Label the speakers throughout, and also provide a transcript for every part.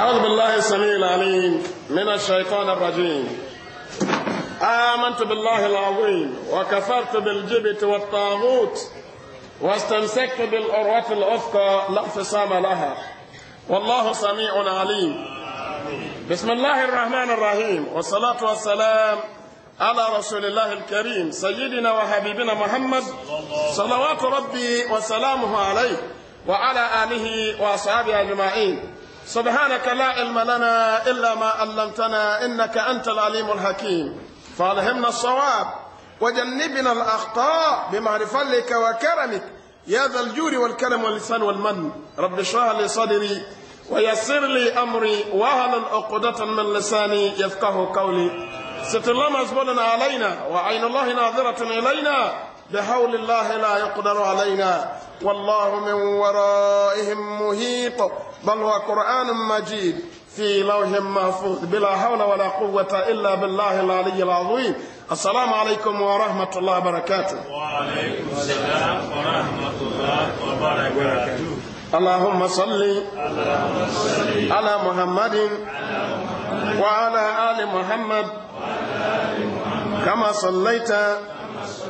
Speaker 1: أعوذ بالله السميع العليم من الشيطان الرجيم آمنت بالله العظيم وكفرت بالجبت والطاغوت واستمسكت بالأروة الأفقى لا انفصام لها والله سميع عليم بسم الله الرحمن الرحيم والصلاة والسلام على رسول الله الكريم سيدنا وحبيبنا محمد صلوات ربي وسلامه عليه وعلى آله وأصحابه أجمعين سبحانك لا علم لنا إلا ما علمتنا إنك أنت العليم الحكيم فألهمنا الصواب وجنبنا الأخطاء لك وكرمك يا ذا الجور والكرم واللسان والمن رب اشرح لي صدري ويسر لي أمري وهل عقدة من لساني يفقه قولي ستر الله مزبولنا علينا وعين الله ناظرة إلينا بحول الله لا يقدر علينا والله من ورائهم مهيط بل هو قرآن مجيد في لوح محفوظ بلا حول ولا قوة إلا بالله العلي العظيم السلام عليكم ورحمة الله وبركاته
Speaker 2: وعليكم السلام ورحمة
Speaker 1: الله وبركاته اللهم صل على محمد وعلى آل محمد كما صليت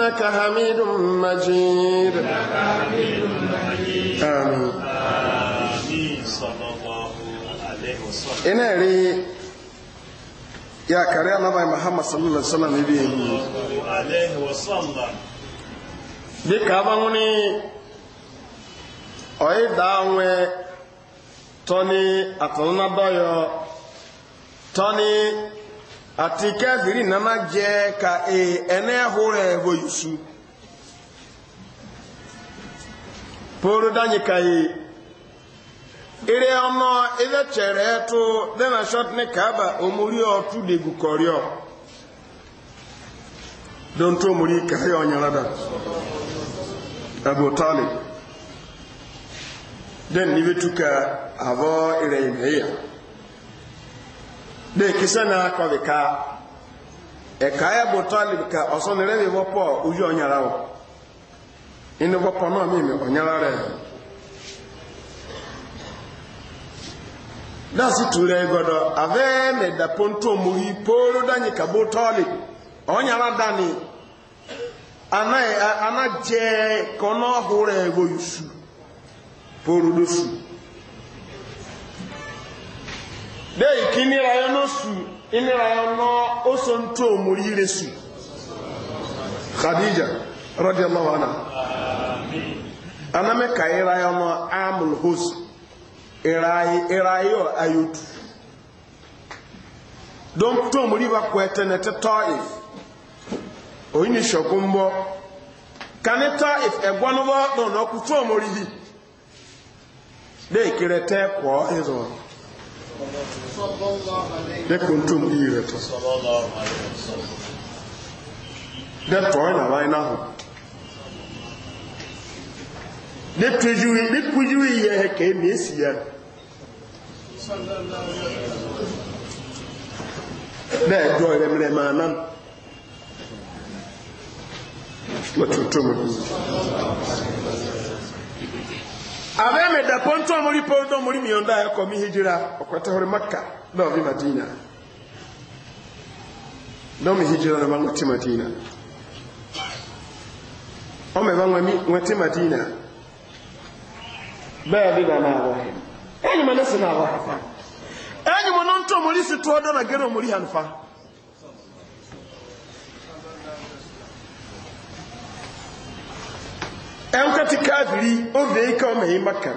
Speaker 1: إنك حميد مجيد آمين ina ri ya kare annabi muhammad sallallahu alaihi wasallam ibi alaihi wasallam dika ba wuni oyi da nwe toni atonaba yo toni ati kẹfìrí nana jẹ ka ee ẹnẹ hore wo yusu poro danyi ka ee ere ọnọ ebe chere etu dena shot ne kaba omori otu degu kọrịọ don to omori ka ya e ọnyara da abu talib den nibe tuka abọ ire de kisana kɔli ka ɛka yɛ bò tɔli ka ɔsɔni rɛ mi bɔ pɔ uvi ɔnyala o inu bɔ pɔ nɔ mi mi ɔnyala rɛ dasi tu rɛ gɔdɔ avɛ mɛ dapɔntɔ muhi pooro danyi ka bò tɔli ɔnyala dani ana anadzɛ kɔnɔ ɔhu rɛ wòyusu pooro do su. dẹ́yìn kí nira yẹn ló sù nira ó ń tó mórí khadija radiyallahu anha anamẹ́ka ira yẹn lọ amul hos ira ayotu don tó mórí wa kọ ẹtẹ na ẹtẹ tọ́ if oyin ni sọ̀kún bọ́ kani tọ́ if ẹ̀gbọ́n bọ́ lọ́nà ọkùn tó mórí yìí kí tẹ́ kọ́ ẹ̀ dẹ́kun tó ní rẹ̀ tọ́ dẹ́tọ̀ ẹ̀nà wáyé náà hù dẹ́kùjú yẹ ẹ̀kẹ́ mẹ́sì yẹ dẹ́ẹ̀dọ́ ẹ̀rẹ̀mẹ̀rẹ̀ máa náà lọ́tún tó mọ̀ abemeda ponto omuli ponto omuli mionda yakomi hijira okwatahore makka novi madina nomi hijira noba ngwati madina omeba ngwati madina beabiba nabohem enyuma nesinabo hafa enyuma nonto na situodonagera omuli hanfa ɛnkati kaabiri ɔvɛ yi ka ɔmɛ yi maka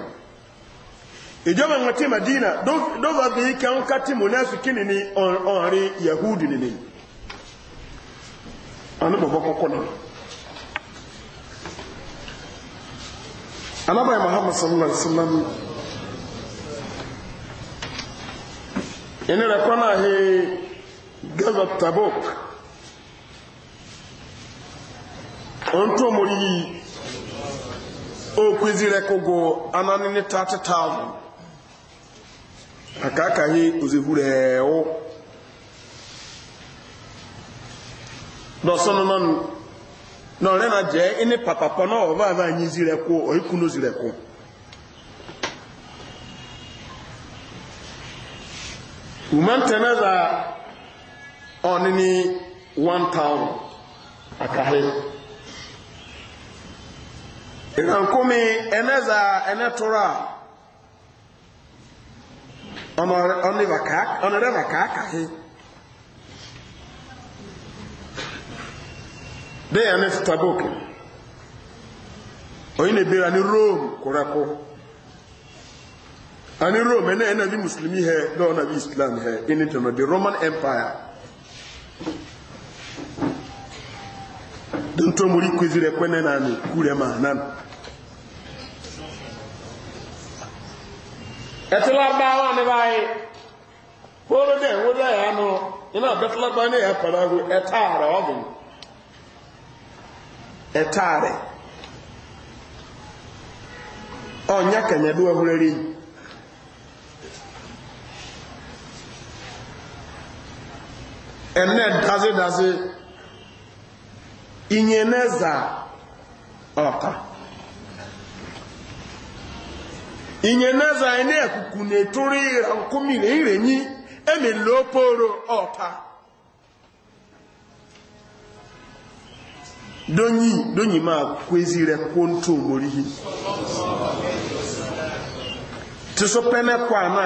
Speaker 1: ìjọba ŋmati madina dɔba vɛ yi ka ɔnkati munafiki nini ɔnri yahudi nini ɔne bɔbɔ kɔkɔ nini anabaya muhammad sallallahu alaihi wasallam ɛni rɛ kɔnɔ ahe gaza tabok ɔntɔmori yi. okwizire kugo ananini 30,000 akakahi uzihure o dọsọnụ nọ nọrị na jee ịnị papapa na ọba aba anyị zire kwụ oikunu zire kwụ umenteneza ọnịnị 1000 akahi ìrànkúmi ọnọdụ ẹnẹ́tura ọ̀nàrẹ́bà kàákàáhí bẹ́ẹ̀ ẹni tàbókì oyin ebèrè ní rome kúrẹ́kú a ní rome ẹ̀nà ẹ̀nà na musulmi hẹ lọ́wọ́n náà bí islam hẹ inú tẹ̀nà roman empire dɔntɔ mori kwezire kwene na ni kure ma nan ɛtila bawa ne ba ye poro de wo de ya no ina bɛtila ba ne ya para ko ɛtaare ɔbɛn ɛtaare ɔnya kanya do ahurari ɛnɛ daze daze inyeneza ọka inyeneza ịna-ekuku na-etoro ịra nkumi na irenyi emela oporo ọka donyi donyi ma kwezire kwonto morihi tiso pene kwa na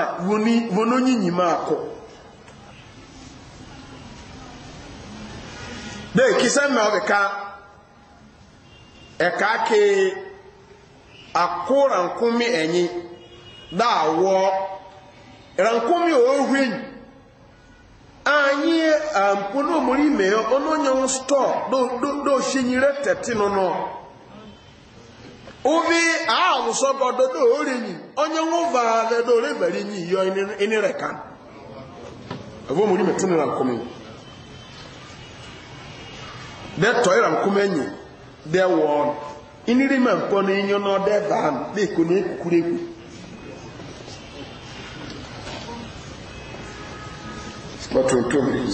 Speaker 1: wononyi nyima akọ dee mma ɔbɛka ɛka e ke ako rankumi ɛnyi daa wɔ rankumi ɔɔhwin anyi ampono um, omori ɔno onye ŋu stɔɔ do do do osinyire tɛti nono uvi awusɔgɔdɔ do onye ŋu vaavɛ do orebɛri nyi yɔ ɛni rɛ kan ɛfɔ omori dɛ tɔyɛ la nkoma enyi dɛ wɔn iniri ma mpɔ ne enyo na ɔdɛ ban dɛ ko ne kure ku wɔtontom ne yi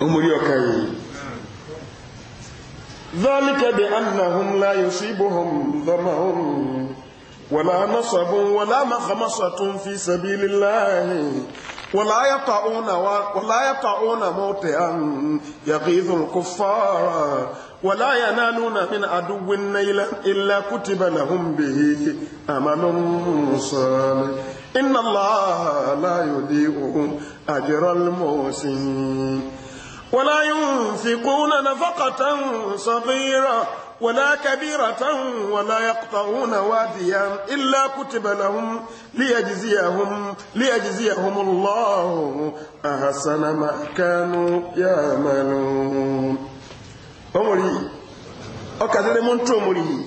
Speaker 1: omori ɔka yi ذلك بأنهم لا يصيبهم ظمأ ولا نصب ولا مخمصة في سبيل الله ولا يطعون ولا يطعون موطئا يغيظ الكفار ولا ينالون من عدو نيلا الا كتب لهم به امل صالح ان الله لا يضيء اجر المحسنين ولا ينفقون نفقه صغيره ولا كبيرة ولا يقطعون واديا إلا كتب لهم ليجزيهم ليجزيهم الله أحسن ما كانوا يعملون أمري أكذل من تومري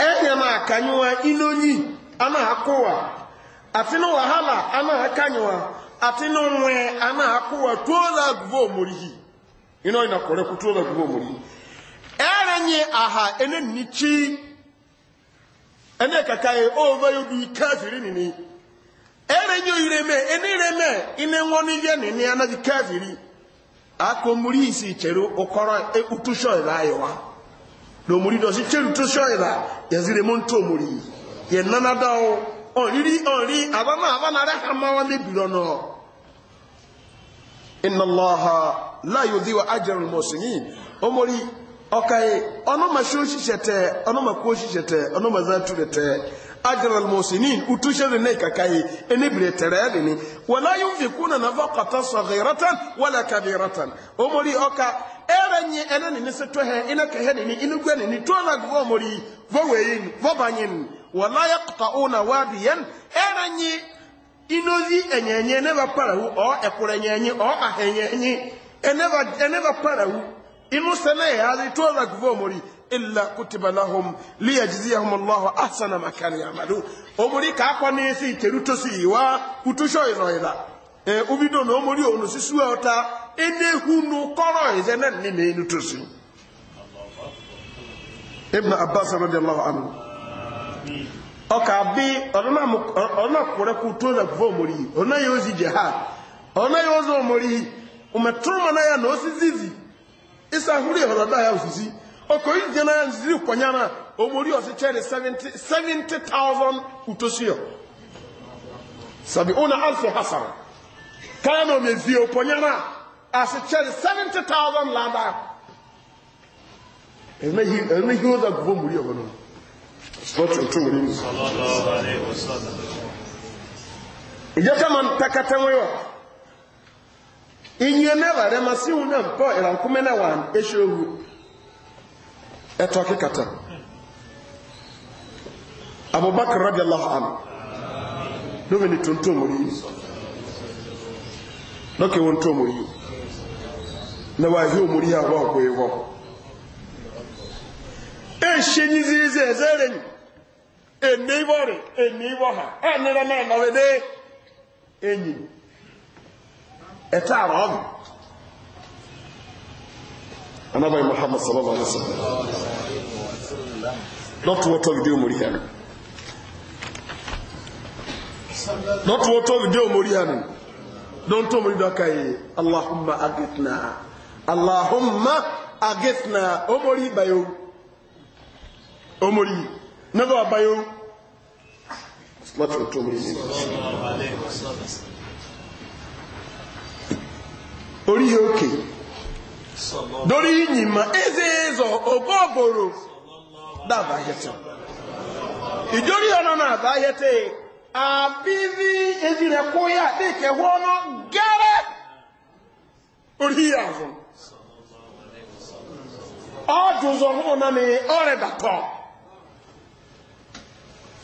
Speaker 1: أيما كانوا إنوني أنا أقوى أتنو وهلا أنا أكانوا أتنو أنا أقوى تولا غفو إنو إنا قولك تولا غفو ɛrɛnye aha ɛne nikyi ɛne kakae ova yɛ bi kafiri nini ɛrɛnye oyireme ɛne reme ɛne ŋɔni yɛ nini anabi ka akɔmuri yi si kyerɛ ɔkɔrɔ ɛkutu sɔɔ ɛla yɛ wa lomuri dɔ si kyerɛ tu sɔɔ ɛla yɛzire mo ntɔ omuri yɛ nana dawo ɔnri ɔnri abana abana rɛ hama wa ne bi lɔnɔ inna allaha la yodi wa ajaru mɔsini ɔmori. Okay, ono shi oshishe tee ọnọma kuo oshishe tee ọnọma za ture tee ajiral musinin utushe ne ne kakai enibire tere ne ni wala na yunfikuna nafaqatan saghiratan wala kabiratan omori oka, ere nye ene ni ne seto ina kehene ni inugwe ne ni tona gwo omori voweyin vobanyin wala yaqtauna wadiyan erenye inozi enyenye ne baparahu o ekure enyenye o ahenyenye eneva eneva parahu inu sene ya hadi tuwa kuvo omori illa kutiba lahum liyajziyahum Allah ahsana ma kanu ya'malu omori ka kwa ne si teruto iwa utusho iroira e ubido no omori onu sisu ota ene hunu koro izene ni ne nutusu ibn abbas radiyallahu anhu ọka bi ọ̀nà kúrẹ́ kú tó rẹ̀ fún omori ọ̀nà yóò sì jẹ́ ha ọ̀nà yóò sì omori ya na osisi isa ahuri ọ̀rọ̀ ya òsìsí ọkọ̀ yìí jẹ́ náà sí ìpọ̀nyára omori seventy seventy thousand utosio sabi ona alfi hasan káyà náà mẹ fi ìpọ̀nyára àṣẹ kyẹ́rẹ̀ 70,000 lada ẹ̀rọ ihe ọ̀dà gbogbo mori ọ̀wọ̀ náà sọ́tù tó wọlé mu. ìjẹ́ kama takatẹ́wọ́ yọ. inye neva rema si una mpo ila nkumena wan eshohu eto akikata abubakar radiyallahu anhu lóbi ni tuntun mu yi lókè wọn tó mu yi na wàá hi omori yà wà gbé wọ e ṣe nyi zizi ẹsẹ rẹ nyi ene ibọ rẹ ene ibọ ha ẹ e nira náà nọrọ dé enyi. ẹ̀tọ́ àrọ̀ ọ̀gùn anábàáyé muhammad sallallahu alaihi wasallam lọ́tùwọ́tọ́ fídíò mórí hànú lọ́tùwọ́tọ́ fídíò mórí hànú don tó mórí dọ́ka yìí allahumma agitna allahumma agitna ó mórí bayo ó mórí nígbà bayo lọ́tùwọ́tọ́ mórí hànú orí òkè lórí yìnyínmá eze ezọ òbó òbòrò dábà ayẹtẹ ìjórí ọ̀nà náà bá ayẹtẹ àbíbí ezi rẹ kó yá àdéhìkẹ wọn náà gẹrẹ orí ìyàwó ọdún zọrọ ọ̀nà ni ọrẹ dàtọ.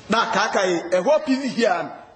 Speaker 1: Na kaka yi, pv here.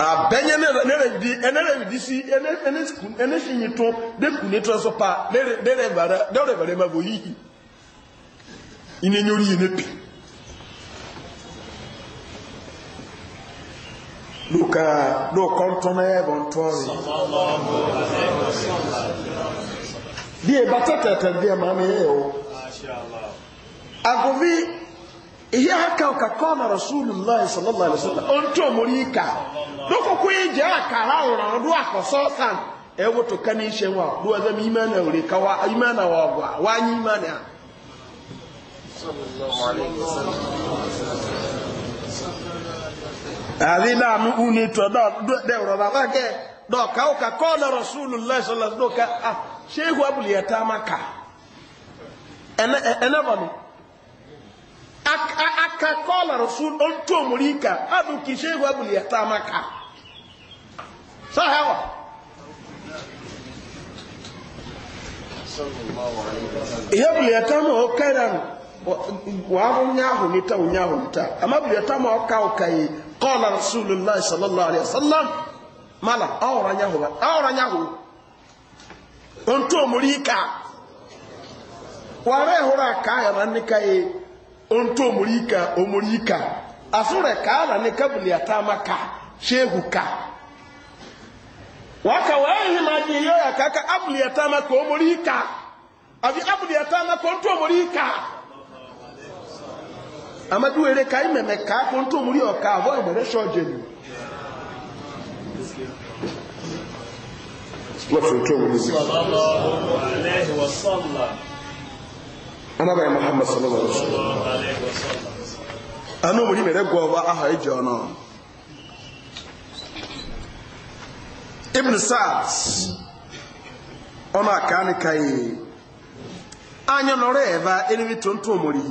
Speaker 1: abɛnyɛ nɛrɛbidisi ɛnɛsinyitɔ dekunetɔ sɔ pa dɛrɛbɛrɛ ma bo yihi inenyori yi ne pi luka do kɔntɔnɛ bɔntɔri die bata tɛtɛ die maa mi yɛ o agobi ihe aka ka kọna rasulullah sallallahu alaihi wasallam on to mori ka doko ko ye je aka ra ora do akoso san e woto kan ishe wa do azam imana ure ka wa imana wa wa wa ni imana
Speaker 2: sallallahu alaihi wasallam
Speaker 1: adila mu uni to do de ro baba ke do ka ka kọna rasulullah sallallahu alaihi wasallam do ka ah shehu abul yatama ka ene e, ene ba aka kọla rasul otu omurika adu kishe egwu abụli ya taa maka sahawa ihe bụli ya taa ma ọ kara wa arụ nyaahụ nita ụnyaahụ nita ama bụli ya taa ma ọ ka ụka yi kọla rasulullah sallallahu alaihi wasallam mala ọhụrụ anyaahụ ọhụrụ anyaahụ otu omurika wàrà ẹ̀hóra àkáyọ̀ na nìkan yìí onto omurika omurika asure na ne kabuli atama ka shehu ka waka wahi maji yoya kaka abuli atama ko omurika abi abuli atama ko onto omurika amadu ere kai meme ka ko onto omuri oka avo ibere shoje ni
Speaker 2: Lọ́pọ̀ tó wọ́n ní sí. Sallallahu alaihi wa sallam.
Speaker 1: anabere muhammad sallallahu
Speaker 2: alaihi wasallam
Speaker 1: anu muri mere gwa ba aha eje ọnụ ibn sa'd ona kan kai anyo nore eba enibi tonto muri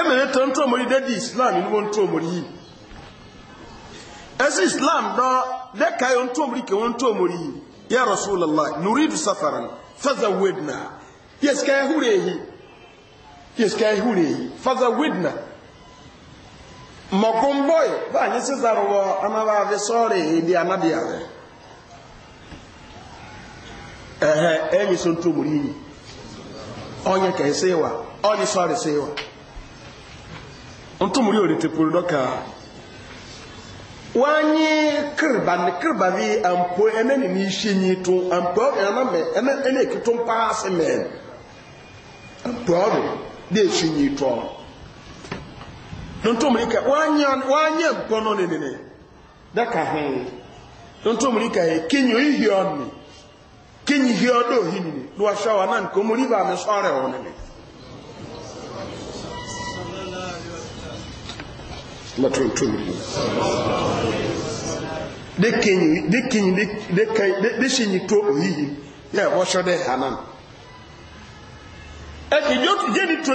Speaker 1: emere tonto muri de di islam ni won to muri ezi islam do de kai on to muri ke won to ya rasulallah nuridu safaran fazawidna yesika ehurehi yesika ehurehi fazawidna mɔkumboy baanyi sisan wɔ anabaafi sɔɔri di anabiyawe ɛhɛ ɛnyi so ntomori yi ɔnyi kɛse wa ɔnyi sɔɔri se wa ntomori yɛ o de te poli dɔ kaa wanyi kirba ne kirba bi ampo ene ne ni shenyi to ampo ene me ene ene kitum paase me ampo no de shenyi to don to mulika wanyi wanyi ampo no ne ne ne da ka he don to mulika e kinyo ihi on ni kinyi hi odo hi ni do ashawa nan ko muri ba me sore on ne lọ́tún tó rí dékèyìn tó òyíyí yẹ wọ́ṣọ́ dẹ́ hanan ẹkìjọ́ tó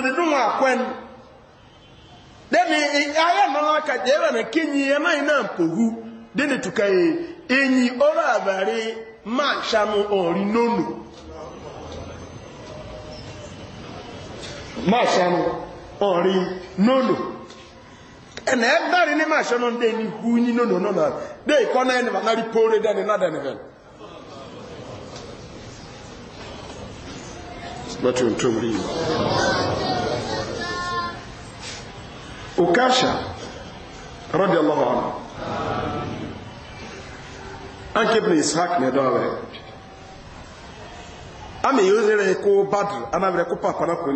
Speaker 1: ɛnna ɛdari ne ma ahyɛ de ni no no no na de ikɔ na ɛnna na ripore na dɛ ne bɛn. Bàtú ntòm Ukasha na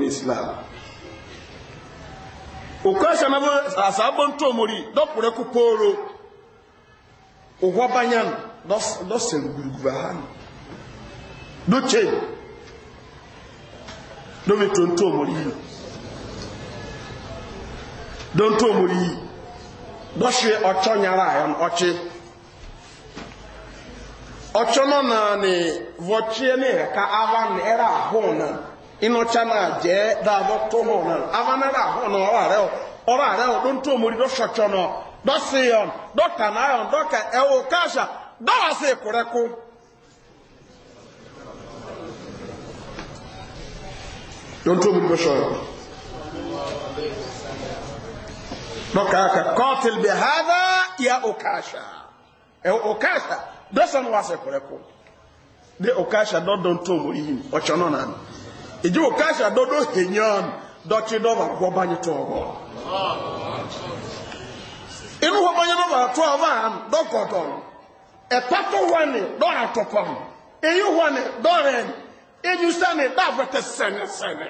Speaker 1: Islam. ukwesha na asabo ntomori dokure ku poro ugwa ụgwọ dos dos guruguba han do che do do ntomori do ocho nyara ayon ochi ocho no na ni vochie ka avan era hona inọcha na jẹ dàbọ tó hù náà amanara ahọ na ọrọ àrẹ ọrọ àrẹ ọ ló ń tó omori lọsọtsọ náà dọsíyọn dọkànáyọn dọkà ẹwọ káàṣà dọwàsí ìkúrẹkú. ló ń tó omori lọsọtsọ dọkà aka kọtìl bẹ hàdà yà ọ káàṣà ẹwọ ọ káàṣà dọsán wàsí ìkúrẹkú de ọ káàṣà dọdọ ń tó omori yìí ọtsọ náà nàá ìjọ káṣà dodo hènyàn dọ́kí dọ́bà wọ́n bá yẹ tó ọ̀bọ̀ inú wọ́n bá yẹ dọ́bà tó ọ̀bọ̀ àn dọ́kọ̀tọ̀ ẹ̀pá tó wọ́n ni dọ́ra tọ̀kọ̀ èyí wọ́n ni dọ́rẹ̀ èyí sẹ́ni dáfẹ́tẹ̀ sẹ́ni sẹ́ni.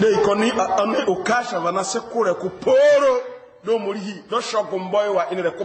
Speaker 1: dei kɔni ane o kaasa vana se korɛ ko pooro do morihi do sɔgumbɔi wa ine rɛ ko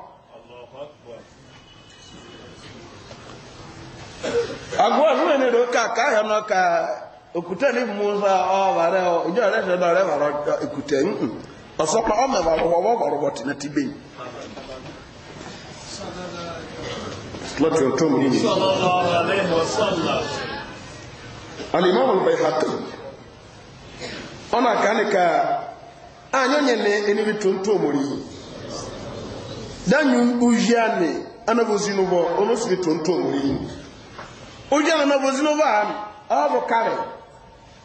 Speaker 1: agwọ ọdún ẹni ló a káyọ náà na òkúta ní musa ọbàrẹ ọ ìjọ rẹ ṣe náà rẹ wàrọ èkúta nǹkan ọsọpọ ọmọ ìwàrọ wọwọ wọrọ wọ tìǹà ti bẹyì. lọ́tù tó mú yìí. alimọ́ wọn bẹ̀rẹ̀ hàtó ujana ọ bụ avo kare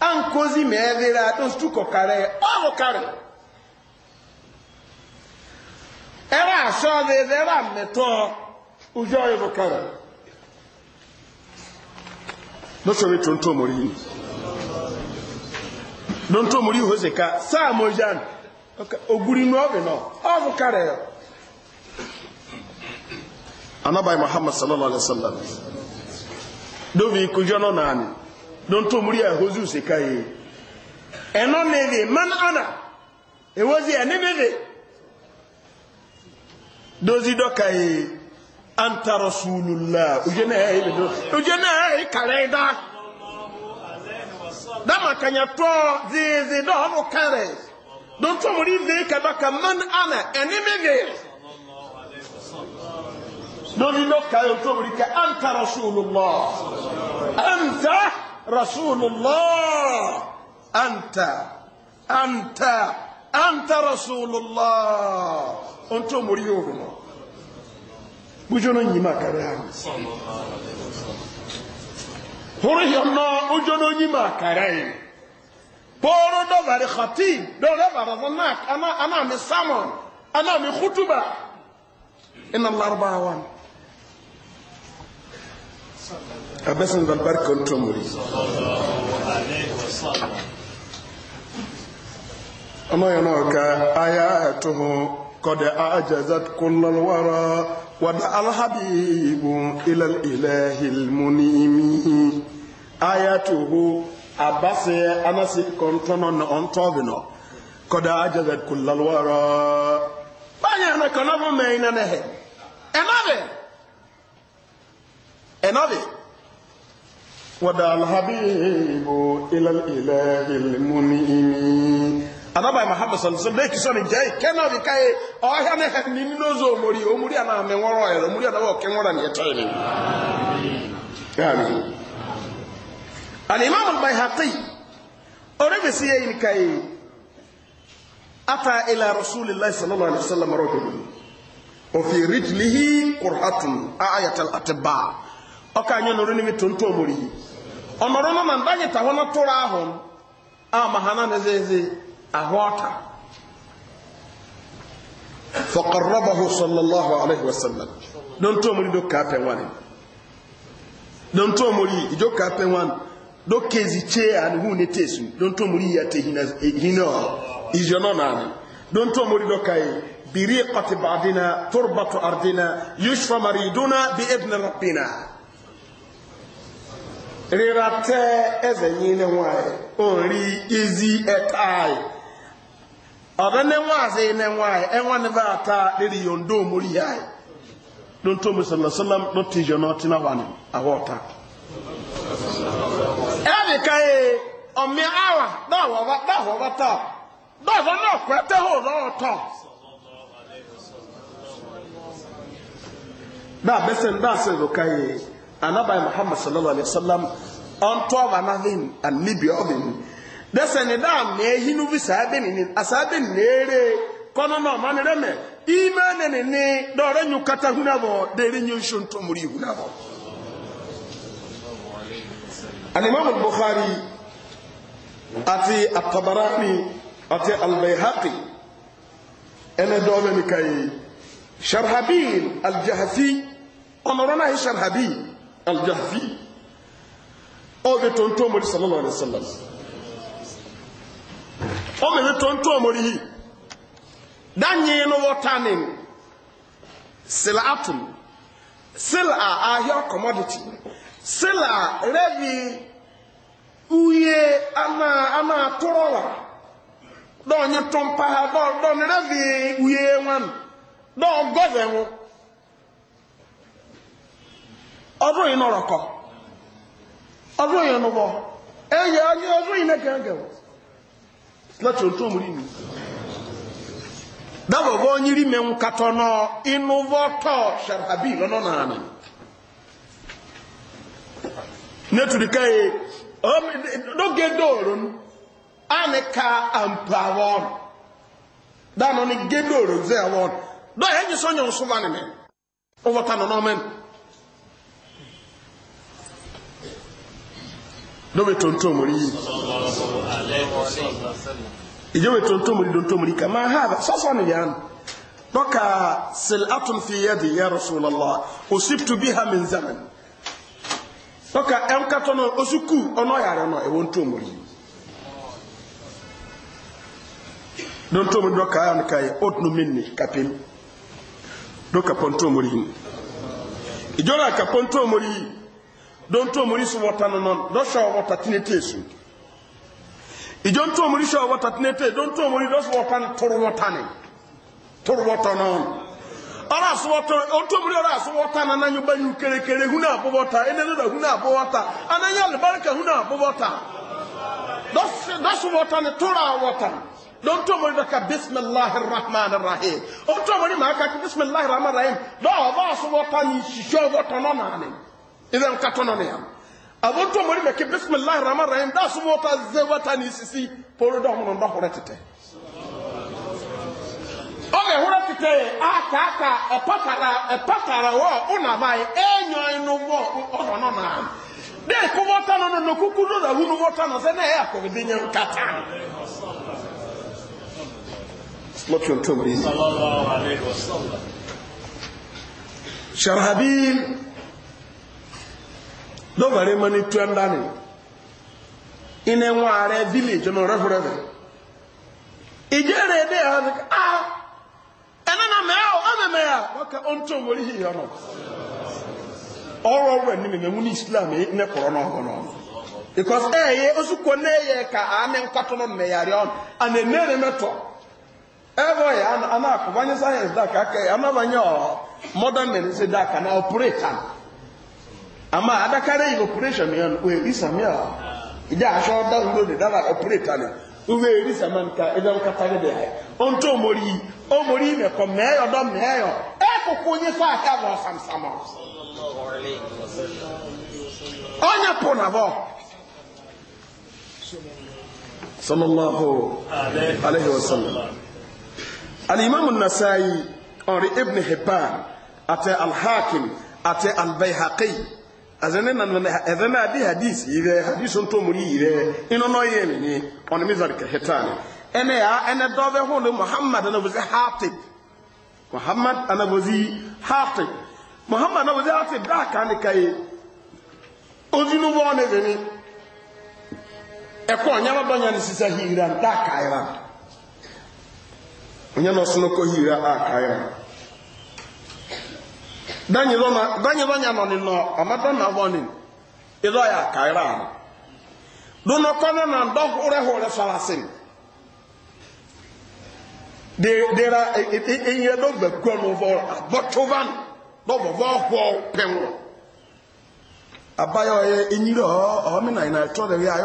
Speaker 1: ankozi mevira ebe kare avo kare era bụ era meto ujoyo vo kare nosobe tonto muri donto muri hozeka sa mojana oguri no nọ ọ bụ kare anabai muhammad sallallahu alaihi wasallam dovi kujɔ nɔ naani don to muri a hozu se ka ye ɛnɔ man ana ewozi ɛne neve dozi dɔ ka ye anta rasulula uje ne yɛ ebe do uje ne yɛ kare da dama kanya tɔ zizi dɔ ɔmu kare don to muri ve ka dɔ ka man ana ɛne e neve. دوني نوكا يوتوريك أنت رسول الله أنت رسول الله أنت أنت أنت رسول الله أنت مريوهما بجنوني ما كريان هوري هنا أجنو ما كريان بورو دوبر خطيب دوبر ظناك أنا أنا مسامون أنا من إن الله أربعة وانت abẹ́sẹ̀ balbarka ń tọ́ mọ̀rí ọmọ yẹn náà ká ayá ẹ̀tọ́ hàn kọ́dẹ̀ ajazat kullal wara wàdà alhabibu ilẹ̀ ilẹ̀ hilmunimi ayá tó hù abase anasi kọ́ntọ́nà na ọ̀ntọ́bìnà kọ́dẹ̀ ajazat kullal wara báyìí ẹ̀nà kan náà mọ̀ mẹ́rin náà ẹ̀ ẹ̀ náà bẹ́ẹ̀ ẹ̀nàbì wọ̀dà alhabibu ilẹ̀lẹ̀mùnìmí anaba yi mahabu sọlọsọ bẹẹ kì sọni jẹ kẹnọọbi káyé ọhẹ ní ẹhẹ ní nínú ọzọ omori omori àná àmì ńwọrọ ẹ omori àná ọkẹ ńwọrọ ni ẹtọ yìí. alimami bayhaqi orebesi yẹ yìí káyé ata ilà rasulillah sallallahu alayhi wa sallam rọgbìn òfin rijlihi kurhatun ayatal atibaa ọka anyị nọrọ n'ime tonto omori yi ọnọrọ nọ na ndanye tahọ na tụrụ ahụ ama ha na neze eze ahụ ọka fọkọrọbahụ sallallahu alaihi wasallam don omori do ka apẹ nwani don to omori ijo ka apẹ nwani do kezi che anihu ne tesu don omori ya te hina ijo nọ naanị don to omori do ka yi بريقة بعدنا تربة أرضنا يشفى مريدنا بإذن ربنا rírà eze niile nwanyị ní ezi izi ẹ̀ta ẹ̀ ọ̀dọ́ ní wọ́n àṣẹ yìí ní wọ́n ẹ̀ ẹ̀wọ́n ní bá ta lérí yòndó mórí yá ẹ̀ ló ebe tó mi sọ̀rọ̀ sọ́lá ló ti yọ̀ náà tí náà anabai muhammad sallallahu alaihi wasallam on top another and libya obin dese ni da me hinu bi sabe ni asabe nere kono no man reme imane ni ni do re nyu kata huna bo de re nyu shun to muri huna bo an imam ati at ati al-bayhaqi ene do me ni kai sharhabil al-jahfi aljahfi ọbẹ̀ tó ń tó mọ̀rí sallallahu alaihi sallam ọbẹ̀ tó ń tó danye yìí dányé inú sila ahịa commodity sila revi uye ana ama don dọ̀nyị tụmpa ha don revi uye wan, dọ̀gọve nwụ ọdún yìí nọ̀rọ̀ kọ ọdún yìí nọ̀bọ̀ ẹ̀yẹ ayé ọdún yìí nẹ́gẹ̀ẹ́gẹ̀ láti ohun tó mú rí mi dábọ̀bọ̀ onye rí mẹ́wù nọ inú vọ́tọ̀ ṣàràbí lọ́nà náà nà nítorí káyé dome tonto muri ijowe tonto muri donto muri kama haba sasa ni yan doka sil'atun fi yadi ya rasulullah usibtu biha min zaman doka en katono osuku ono yare no e wonto muri donto muri doka an kai otnu minni kapim doka ponto muri ijora ka ponto muri don to muri su wata non do sha wata tinete su ijon to muri sha wata tinete don to muri do su wata tor wata ne tor wata non ara su wata on to muri ara su wata na nanyu banyu kere kere huna abobota ene da huna abobota ananya albarka huna abobota do do su wata ne tora wata don to muri daga bismillahir rahmanir rahim on to muri ma ka bismillahir rahmanir rahim do ba su wata ni shisho wata non ne idan ka tono ne am abun to mori meke bismillahir rahmanir rahim da su mota zewata ni sisi poro da mun da hore tete o hore tete aka aka epatara epatara wo una mai enyo inu wo na de no no do da se na e akọ bi kata dɔw bɛ rema ni tuya ndani ina ŋmaarɛ village ɔmɛ fɛ yà a ẹnẹ na mẹ ọ ọmẹ mẹ a wọkẹ ọntọ wọlé yìí yọ nọ ọrọ wẹ ni islam eh, because ọ àná ẹnẹ rẹ mẹtọ ẹ bọ yẹ àná àkọfọ anyi science dàkà kẹ àná ọ modern medicine dàkà ama adakara operation operation yẹn o eri sami a ìjà aṣọ ọdọrun lónìí dára ọpẹrẹta ni ka eri sami nka ẹdẹ ń katari bẹ ẹ o n tó omori yi omori yi mẹkọ mẹyọ dọ mẹyọ ẹ kókó yẹ fún akáàbọ samsama ọnyà na nàbọ sallallahu alayhi wa sallam alimami nasayi ọrẹ ibn hibban àti alhakim àti azene na na evema abi hadis ile hadis onto muri ile ino no ye ni on mi zarka hetani ene ya ene dove hulu muhammad na buzi hatib muhammad ana buzi hatib muhammad na buzi hatib da ka ni kai ozinu bo ne zeni e ko nya ni sisa hira da ka ira nya no suno ko hira a danyi banya nọ nọ ọmata na bọ ni ịdọ ya kaịra ahụ dụnọ kọna na ndọ hụrụ e farasin dịra ihe dọgba kwuo n'ụvọ abọtụvan dọgba vọ hụọ pịnwụ abayọ ya enyiri ọ ọmịna na ya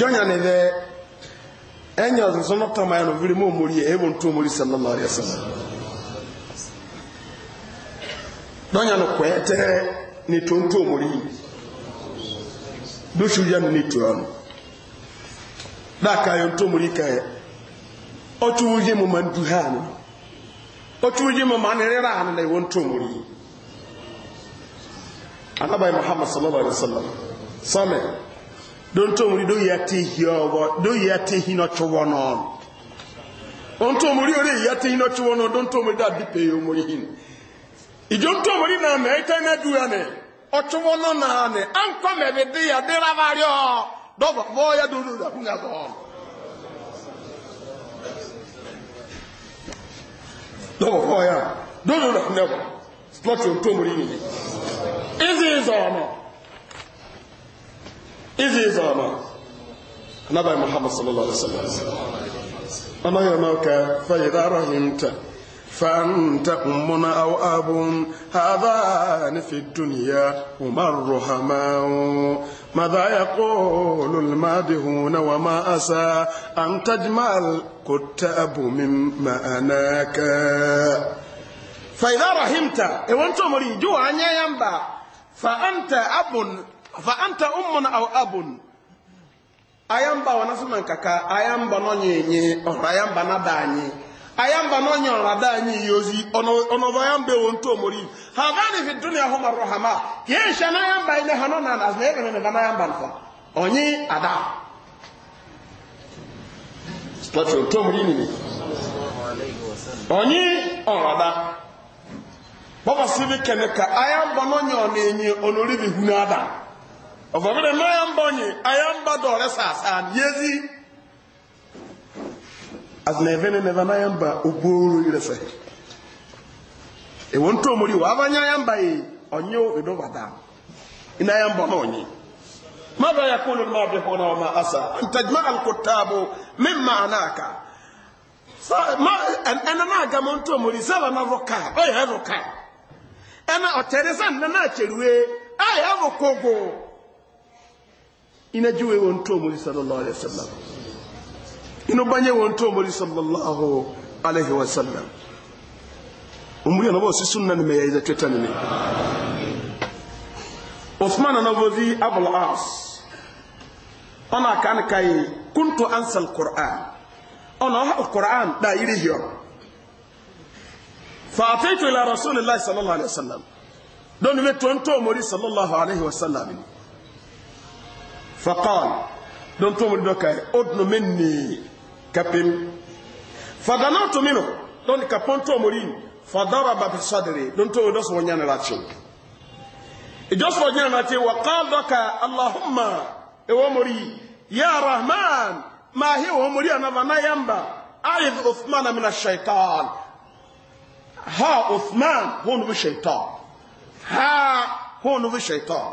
Speaker 1: ya ha enyo zo sono tamayano vile mo muri e won to muri sallallahu alaihi wasallam donya no kwete ni tonto muri do shuja ni tuano da ka yon to muri ka o tuuje mu man mu man rera dontomuri do yatehi ogo do yatehi no chowono ontomuri ore yatehi no chowono dontomuri da dipe yomuri hin ijontomuri na me ita na duane ochowono na ne anko me be de ya de ravario dogo bo ya do do da kunga go dogo bo ya do do da kunga go slot ontomuri ni izi izo no izi zama annabi muhammad sallallahu alaihi wasallam ana yanaka fa idha rahimta فأنت أم أو أب هذان في الدنيا هما الرحماء ماذا يقول المادهون وما أسى أن تجمع الكتاب مما أناك فإذا رحمت إيه وانتم ريجوا أن ينبع فأنت أب fa anta ummun aw abun ayamba wanasema nkaka ayamba nonyenye ọra oh, ayamba nada anyị ayamba nonye ọra da anyị yozi ọnọdụ ayamba ewo ntu omori ha gani fi dunia hụ marụ ha ma ka esha na ayamba ile ha nọ na na ebe na ebe na ayamba nfa onye ada stọtụ ntu omori nini onye ọra da bọbọ sibi kene ka ayamba nonye ọ na-enye onoribi hu na ọ̀fọ̀mílẹ̀ náà ń bọ̀nyí ayámbá dọ̀rẹ́ sàásàn yézi azinẹ̀vẹ́ni nẹ̀vẹ́ náà yámbá ogbóòrò ìrẹsẹ̀ èwọ́n tó mórí wà bányá yámbá yìí ọ̀nyẹ́ òbèdó bàdá iná yámbá náà ọ̀nyẹ́ ماذا يقول الماضي هنا وما أسى أن تجمع الكتاب من معناك ما أنا ما جمعت مولي زبا inajiwe wonto omuli sallallahu alaihi wasallam inobanye wonto omuli sallallahu alaihi wasallam omuli ono bosi sunna nimeyaiza twetanine uthman anavozi abul as ona kan kai kuntu ansa alquran ona ha alquran da yiri hiyo fa ataitu ila rasulillahi sallallahu alaihi wasallam don wetu onto omuli sallallahu alaihi wasallam فقال دون تومن دوكاي ادنو مني كابيم فدنوت منه دون كابون تومرين فضرب بصدري دون تومن دوس ونيان راتشي جوس ونيان راتشي وقال دوكا اللهم اومري يا رحمن ما هي اومري انا فانا يمبا اعذ عثمان من الشيطان ها عثمان هون بالشيطان ها هون بالشيطان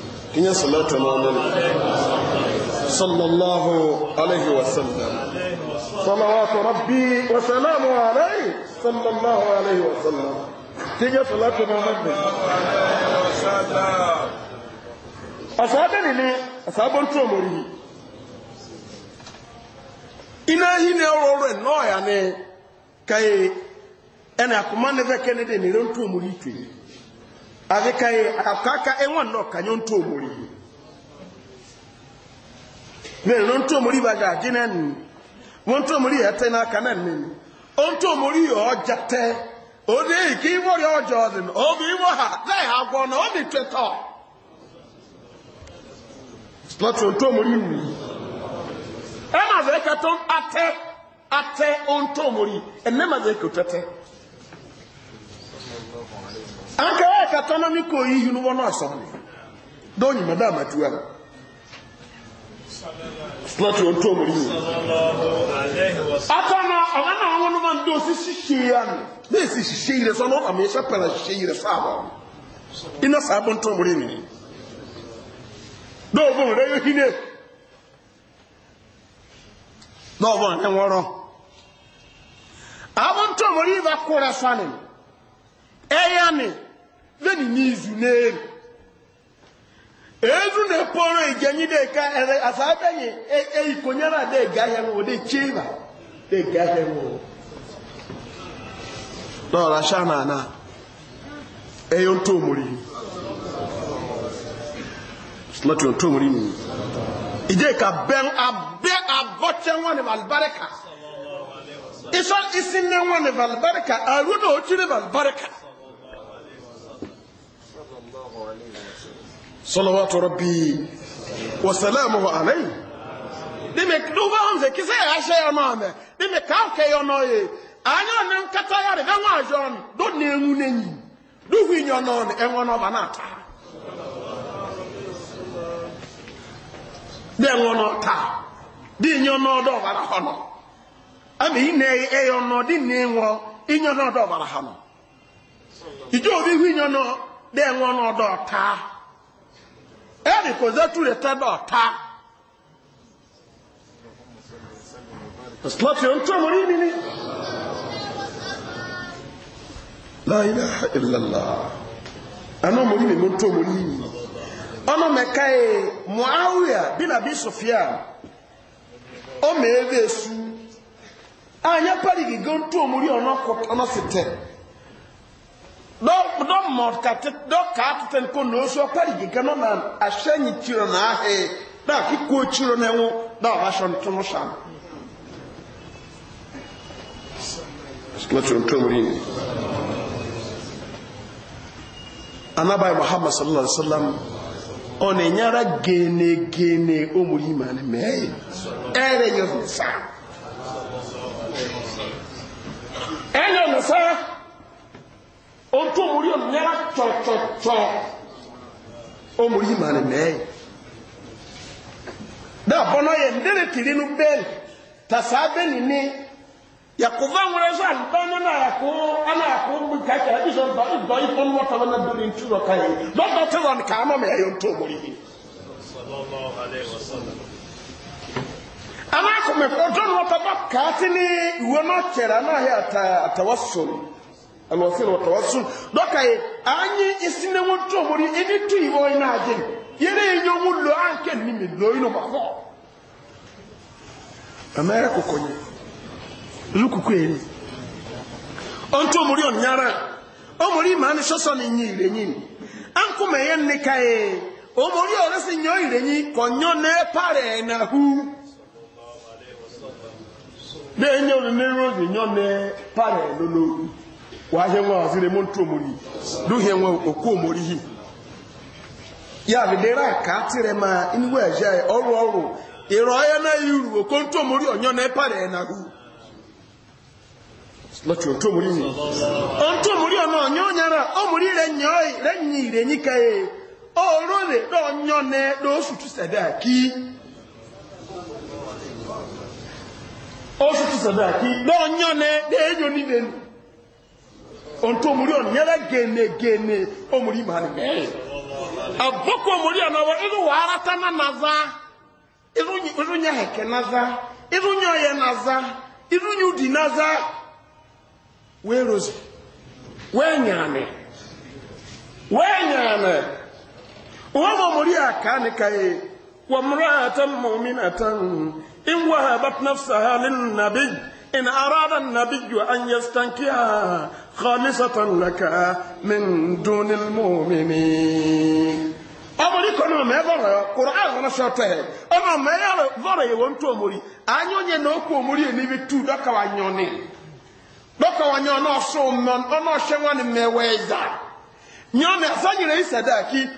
Speaker 1: إن صلاة مولانا صلى الله عليه وسلم صلوات ربي وسلامه عليه صلى الله عليه وسلم تيجي صلاة مولانا أصابني لي أصابني تومري ina yi ne ọrọ rẹ náà yà ni kàyé ẹnì àkùmá ni fẹ kẹ́ni dẹ̀ ní rẹ̀ ń tó omori tù yìí. abekaye akaka enwa no kanyo ntu omuli nero ntu omuli baga ginani wontu omuli ete na kana nini ontu omuli ojate ode ki mori obi wo ha dai agwo obi tweto slot ontu omuli ni ema zekaton ate ate ontu omuli enema zekotete nke ya katana miko yihi n'ụgbọ nọọsọ m dị madam atuwa slọtụ otu omori iwu atana na ọnwụ nụma osisi si ya na-esi ire sọ n'ụlọ ma ịsa pere shie ire sọ abụọ ina sa abụ ntụ hine abụ eya nị veni n'izu n'elu ezu na-ekporo eji anyị na-eke ere asa abịaghị eke ikonyere a na-ege ahịa nwụ na-eche ịba na-ege ahịa nwụ n'ọrụ asha na ana eyi ntụ omori snọtị ntụ omori n'iwu ije ka ben abịa abọcha nwa na valbarika isi nne nwa na valbarika aru na ochiri valbarika صلوات ربي وسلامه عليه dime duba onze kise ya she ya ma me ka ke yo no ye na nkata ya re nwa ajon do na enwu na enyi do hu nyo e no ne enwo no ba na ta de enwo no ta di nyo no do ba na ho no abi e yo no di ne enwo inyo no do ba na ha ijo obi hu nyo no dị enwe ọnọdụ ọta eri ọta Islam ọmụrụ imi ni. La ilaha illallah. Anụ ọmụrụ imi ntụ ọmụrụ imi. Ọnụ Muawiya bi na bi Sofia. ebe esu. Anya pari gị go ọmụrụ dɔ mɔta tɛ dɔ kaa tɛ tɛn ko n'osu ɔkpari gɛgɛ nɔ na ahyɛ nyi tiro na ahɛ na aki ko tiro na ɛwo na ɔba sɔ ntono sam. anabai muhammad sallallahu alaihi wasallam ɔne nyara gene gene omuri ma ne mɛɛ ɛrɛ yɛ nsa ɛrɛ nsa. ontu omuli onyala tɔtɔtɔ omuli imani mɛɛ bɛ abɔnɔ yɛ ndele tiri nu bɛn tasaa bɛ nini yakuba ŋun ɛsɛ alibana na yako ana yako mu gata ebi sɛ ba ba ifɔ nu wɔtɔ na do ne ntu dɔ ka yi dɔtɔ tɛ wɔn ka ama mɛ ayɔ ntu omuli yi. ana akɔmɛ fɔ dɔn wɔtɔ ba kaati ni iwe n'ɔkyɛrɛ ana yɛ ata atawasoro. alwasir wa tawassul doka ye anyi isine won to mori eni tu iwo ina ajin yere enyo mu lo anke ni mi lo ino ma fo amara ko konye zuku ko eni on to mori on nyara o mori ma ni soso ni nyi ire nyi an ko me yen ni kai o mori o resi nyo ire nyi konyo ne pare na hu bẹ́ẹ̀ ni olùmẹ́rin òsì yán ní pàrẹ̀ lólórí wahe nwa wazire muntu omuri duhe nwa oku omori hi ya bidera ka tire ma inwe eje ọrụ oru iro ya na yuru oku ntu omuri onyo na epare na hu lati ntu omuri ni ntu omuri ono onyo nyara omuri re nyoi re nyire nyika e oro le do onyo ne do sutu sada ki o sutu sada ki do onyo enyo ni de Ontu omuri ono nyere gene gene omuri mani mɛri abɔkɔ omuri ono wɔ iru warata na naza iru iru heke naza iru nya ɔyɛ naza iru udi naza wee rozi wee nyaame wee nyaame wɔn omuri aka ka ye خالصة لك من دون المؤمنين أمري كنا ما يبغى القرآن أنا شرطه أنا ما يبغى يوانتو أمري أني ni sadaki yi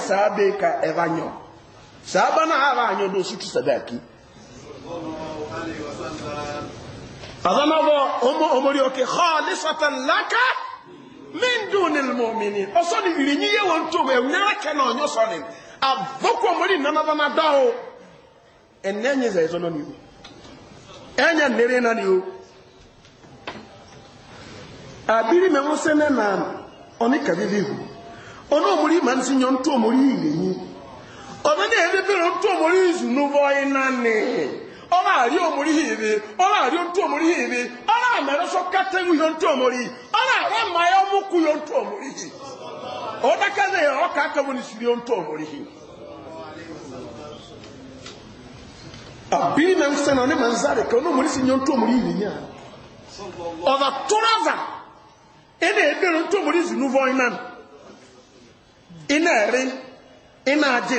Speaker 1: saa ka sahaba na haba anyo do sutu sadaki azama bo omo omori oke khalisatan laka min dunil mu'minin osoni irinyi ye won to we nyara ke na onyo soni aboko omori nana bana dawo enenye za nere na ni o abiri me wose na na oni kabibi hu ono omori man sinyo nto omori irinyi ọ ní ẹni bẹ̀rẹ̀ tó omori ìzù núbọ̀ iná ni ọ̀nà àrí omori ìrì ọ̀nà àrí tó ọ ìrì ọ̀nà àmẹ́rẹ́ sọ kátẹ́wù yọ tó omori ọ̀nà àrẹ́ mayọ́ mọ́kù yọ tó omori yìí ọ̀dàkẹ́lẹ̀ ọ̀kà akẹ́wù ní sùn yọ tó omori yìí. àbí mẹ́ ń sẹ́nà ní mẹ́ ń sáré sì yọ tó yìí ẹni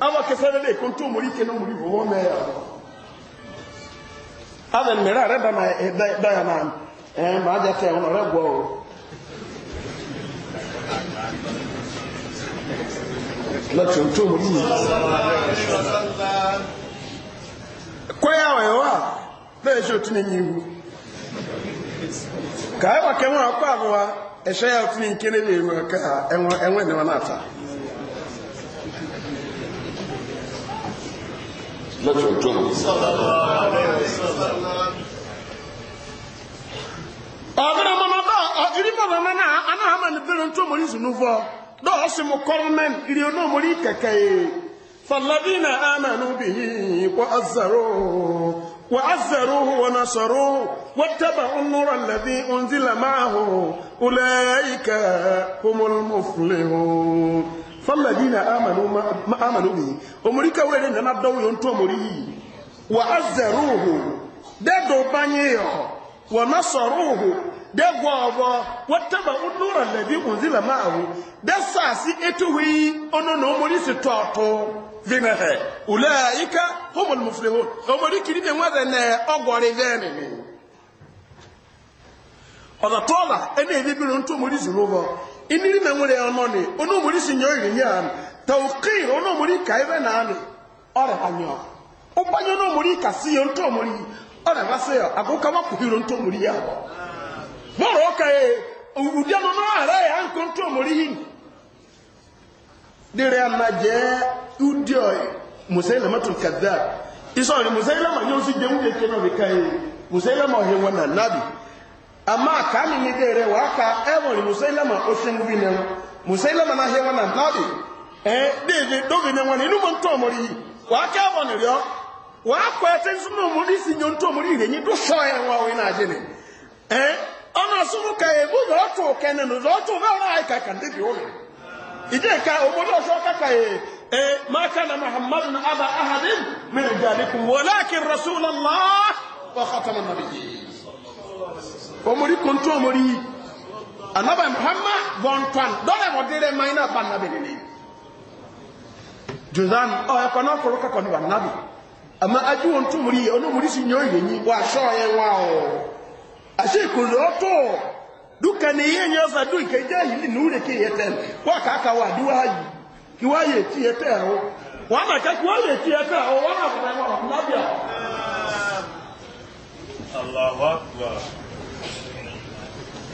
Speaker 1: awa kẹsẹrẹ lè kún tó mori kẹ ní mori wò wọn mẹ yàrá alẹ mẹrẹ rẹ dana daya na ẹ màá jẹ tẹ ọ rẹ o. lọtọ tó mori yìí. kóyà ọ̀yọ́ wa ihu na
Speaker 2: lọ́sọ̀ tó mọ̀.
Speaker 1: ọ̀gbìn ọmọ náà ọ̀gbìn bàbá náà náà anáhàmà ní bẹ́rẹ̀ tó mọ̀ ní sùnú fọ́ dọ́ọ̀ sì mú kọ́rọ́ mẹ́m ìrì ọ̀nà mọ̀ ní kẹ̀kẹ́ yìí fàlàdínà àmàlú bìí wọ́n azàrò wọ́n azàrò wọ́n nasọ̀rọ̀ wọ́n tẹ́bà ọ̀nùrọ̀ lẹ́bí ọ̀nzílẹ̀ máa hù ulẹ̀ ìkà kọ́mọlmọ́fúnlẹ̀ hù fọ́lọ̀dínà ámàlú mi omorika wẹ́rẹ́ nana dọ́wọ́ tó omori yìí wà á zẹ̀rọ òhò dẹ́dọ̀ bányé yọ wà ná sọ̀rọ̀ òhò dẹ́gbọ́ ọ̀bọ wọ́n tẹ́bà ó lóra lẹ́bí òǹzílà máa wò dẹ́sà sí ètòwé yìí ọ̀nà nà omori sì tọ́ ọ̀tọ́ vinahẹ ulẹ̀ ayíká homon mufrewo omori kiri mi wọ́n dẹ̀ ọgọ́rin bẹ́ẹ̀ nìyí ọ̀dọ̀ tọ́ọ̀là ẹni èdè bí iniri na nwere ọnọ ni onomori si nyọ iri ya ni tawqir onomori ka ebe na ani ọrẹ ha nyọ ụgbanye onomori ka si ya ntọ omori ọrẹ ha si ya agụka wa kwuhiri ntọ omori ya bụ mọrọ ọka ya ụdị anọ na ọhara ya nkọ ntọ omori dịrị ana jee ụdị ọyị musayi na matụ kada isọrị musayi lama nye osi je nwunye nke nọ ka ya musayi lama ọhịa nwa na nabi amma kami ni dere wa ka ewon musailama o se nwi ne musailama na he wana nabi eh deve dovi ne wani nu monto mori wa ka ewon ryo wa kwa te sunu mu ni si nyonto mori re ni do so e wa we na je ne eh ona sunu ka e bu yo to ke ne no zo to ba na ka kan de bi o re ije ka o mo do so ka ka e eh ma kana muhammadun aba ahadin min jalikum walakin rasulullah wa khataman nabiyyin
Speaker 2: omori kontu
Speaker 1: omori anaba muhammad von twan dɔlɛ wɔ de dɛ mayi na ba nabe nene josan ɔ ɛkɔ n'afɔlɔ kakɔ ne ba nabe ama adi wɔn tu omori yɛ ɔno omori si nyɔ yɛ nyi wa sɔ yɛ wa o ase kolo ɔtɔ duka ne yɛ nyɛ ɔfɛ du ike dza yili nu de ke yɛ tɛ wa kaka wa adi wa yi ki wa yɛ ti yɛ tɛ o wa ma kɛ ki wa yɛ ti yɛ tɛ o wa ma fɔ ɛwɔ nabe a. Allahu akbar.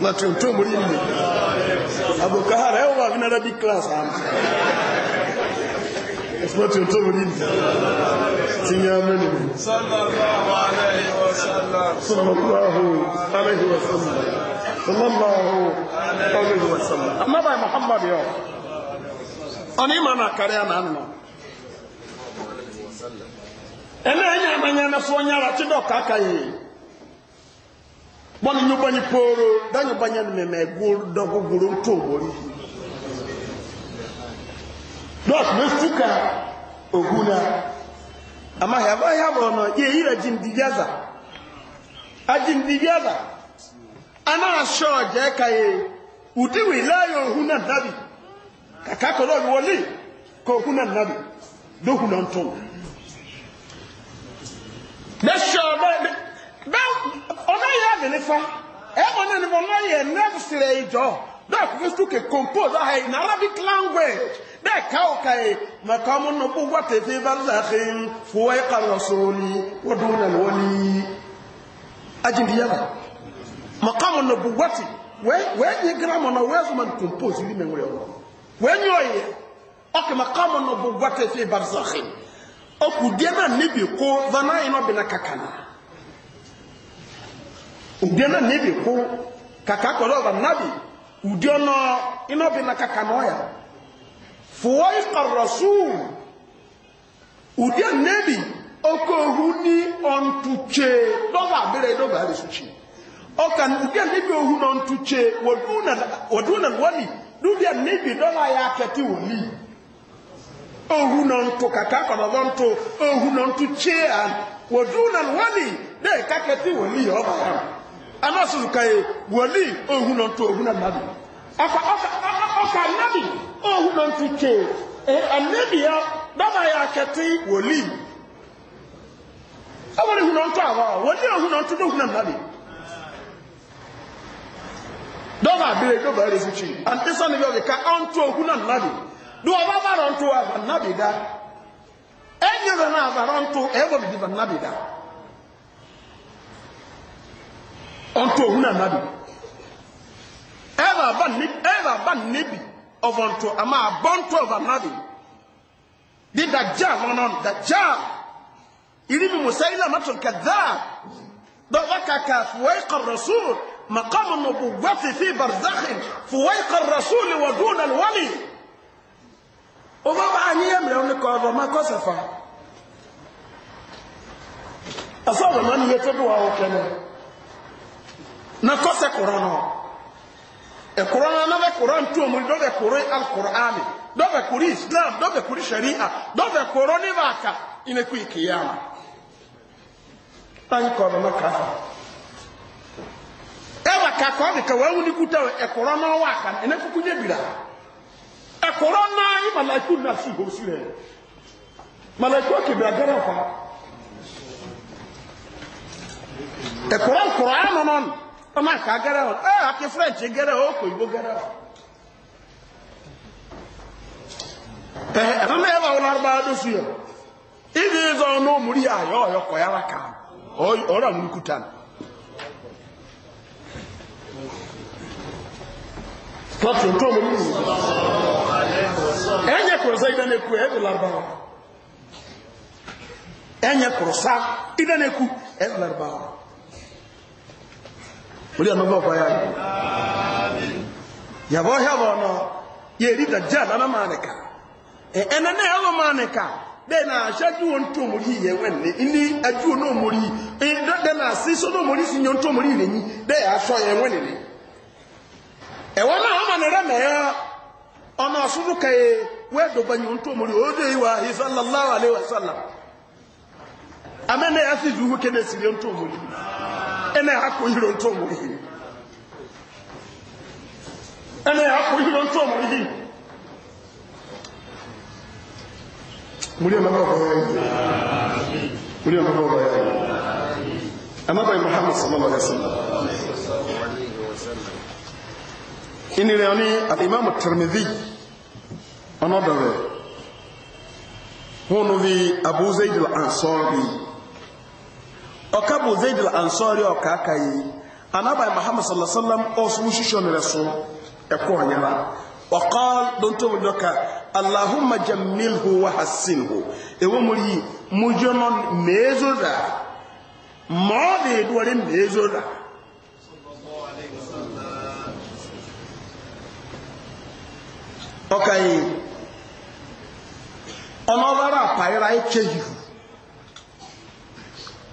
Speaker 1: láti ohun tó mú rí ilé àbòkáhàrá ẹwọ wà nínú arabic class àmì láti ohun tó mú rí ilé tí yá mẹ́rin mú sallallahu alaihi wasallam sallallahu alaihi wasallam amma bai muhammad yau ọni ma na kare na nnọ ẹlẹ́yìn àmàyàn ẹ̀fọ́ nyára tí dọ̀ka kàyè bọ́ni nyubanyi pooro da nyubanyi ni mɛmɛ gol dɔgɔ golo ntɔ wɔli dɔs bɛ suka ohuna ama yaba yaba ɔnɔ yɛ yira jindiyaza ajindiyaza ana ahyɛ ɔjɛ ka yɛ udiwi laayo ohuna nabi kaka kɔlɔ wɔli ka ohuna nabi dohuna ntɔ bɛ hyɛ ɔbɛ bɛ ọ̀nà yẹ ẹ̀dì nífa ẹ̀wọ̀n náà ni mo náà yẹ nẹ́ẹ̀fù sílẹ̀ ìjọ bẹ́ẹ̀ kò fi sókè compose ahẹ́ in arabic language bẹ́ẹ̀ ká o ka yẹ màkà ọmọ náà kó wá tètè bá láàkì fún ẹ̀ ká lọ sọ̀rọ̀ ni wọ́n dún náà wọ́n ní ajindiyala màkà ọmọ náà bó wá ti wẹ́ẹ́ yẹ gírámà náà wẹ́ẹ́ sọ ma compose yìí mẹ́wẹ́ ọ̀rọ̀ wẹ́ẹ́ ní ọ̀yẹ́ ọkè màkà ọmọ náà bó wá tètè bá láàkì ọkùdíẹ́ náà níbi kó vanáyìn náà bẹ̀ náà ubia na nebe ko kaka kɔlɔ ba nabi udio no ino na kaka no ya fuwai rasul udia nebi oko hu ni ontuche dɔba abere dɔba ari suchi ɔka udia nebi ohu na ontuche waduna waduna wali udia nebi dɔba ya kɛte woli ohu na ontu kaka kɔlɔ ba ontu ohu na ontuche a waduna wali de kakɛte woli yɛ ɔba ya. ana so ka ye wali ohun no to ohun nabi aka aka aka nabi ohun no to ke e, anabi ya baba ya kete wali awari e hun no to awa wali ohun no to na nabi dọba abiri dọba ẹrẹ fitiri antisa ni bi ọdi ka ọntu ohun na nabi do ọba bara ọntu wa da ẹnyẹrẹ na abara ọntu ẹbọ bibi ba nabi da. unto ohun anabi ever ban ever ban nabi of unto ama abonto of anabi di dajjal nonon dajjal ilimi musaila matun kadhab ضغك كفويق الرسول مقام النبوة في برزخ فويق الرسول ودون الولي وبابا أني يملي أنك ما كسفا أصاب من يتدوى وكذا na kɔsɛ korɔ no ɛkorɔ no na bɛ korɔ ntuomuri dɔ bɛ korɔ alkur'ani dɔ bɛ korɔ islam dɔ bɛ korɔ sharia dɔ bɛ korɔ ne b'a ka e ine ikiyama an no ka ɛwà ka de ka wɛwu ni kuta ɛkorɔ no wa ka ɛnɛ kuku nye bira e ɛkorɔ no ayi malaku na si ho si rɛ gɛrɛ fa ɛkorɔ nkorɔ ano no no. ọmọ ka gara ọrụ ee eh, àti french gẹ́rẹ́ ó kò ìbò gẹ́rẹ́ wọn. ẹ̀rọ náà ẹ̀rọ àwọn arúgbó adóṣù yẹn ibi ìzọ ọ̀nà òmùrí ayọ̀ ọ̀yọ̀ kọ̀ yára kà ọ̀rọ̀ àwọn olùkúta ni. muri ano boko ya yabohe abono yeri dajjal ana maneka e enene yawo maneka de na ashaju wonto muri ye wenne ini aju no muri e de na siso no muri sinyo nto muri nenyi de aso ye wenne ni e wona ama ne reme ya ona asudu kai e, wedo banyo nto muri ode iwa hi sallallahu alaihi wasallam amene asizu kene sinyo nto muri ɛnna yɛ akɔ yiri ntɔ ɔmo yi ɛnna yɛ akɔ yiri ntɔ ɔmo yi múlíọ̀ mẹ́fà ọ̀bọ̀ yẹn múlíọ̀ mẹ́fà ọ̀bọ̀ yẹn amábàá muhammad sallallahu alayhi wa sallam ìnira ni alimami tirimidi ọ̀nà dọ̀rẹ̀ wọn ni abu zayd al-ansari ọka bụ zaid al-ansori ọka aka yi anabai muhammad sallallahu alaihi wasallam ọsùn ṣiṣọ mẹrẹ so ẹkọ ọnyẹra ọkọọl dọntọ mu dọka allahumma jamilhu wa hasinhu ewu mu yi mu jọnọ mẹẹzọ da mọọ de duwari mẹẹzọ da. ọka yi ọmọ ọbara apayira ekeyihu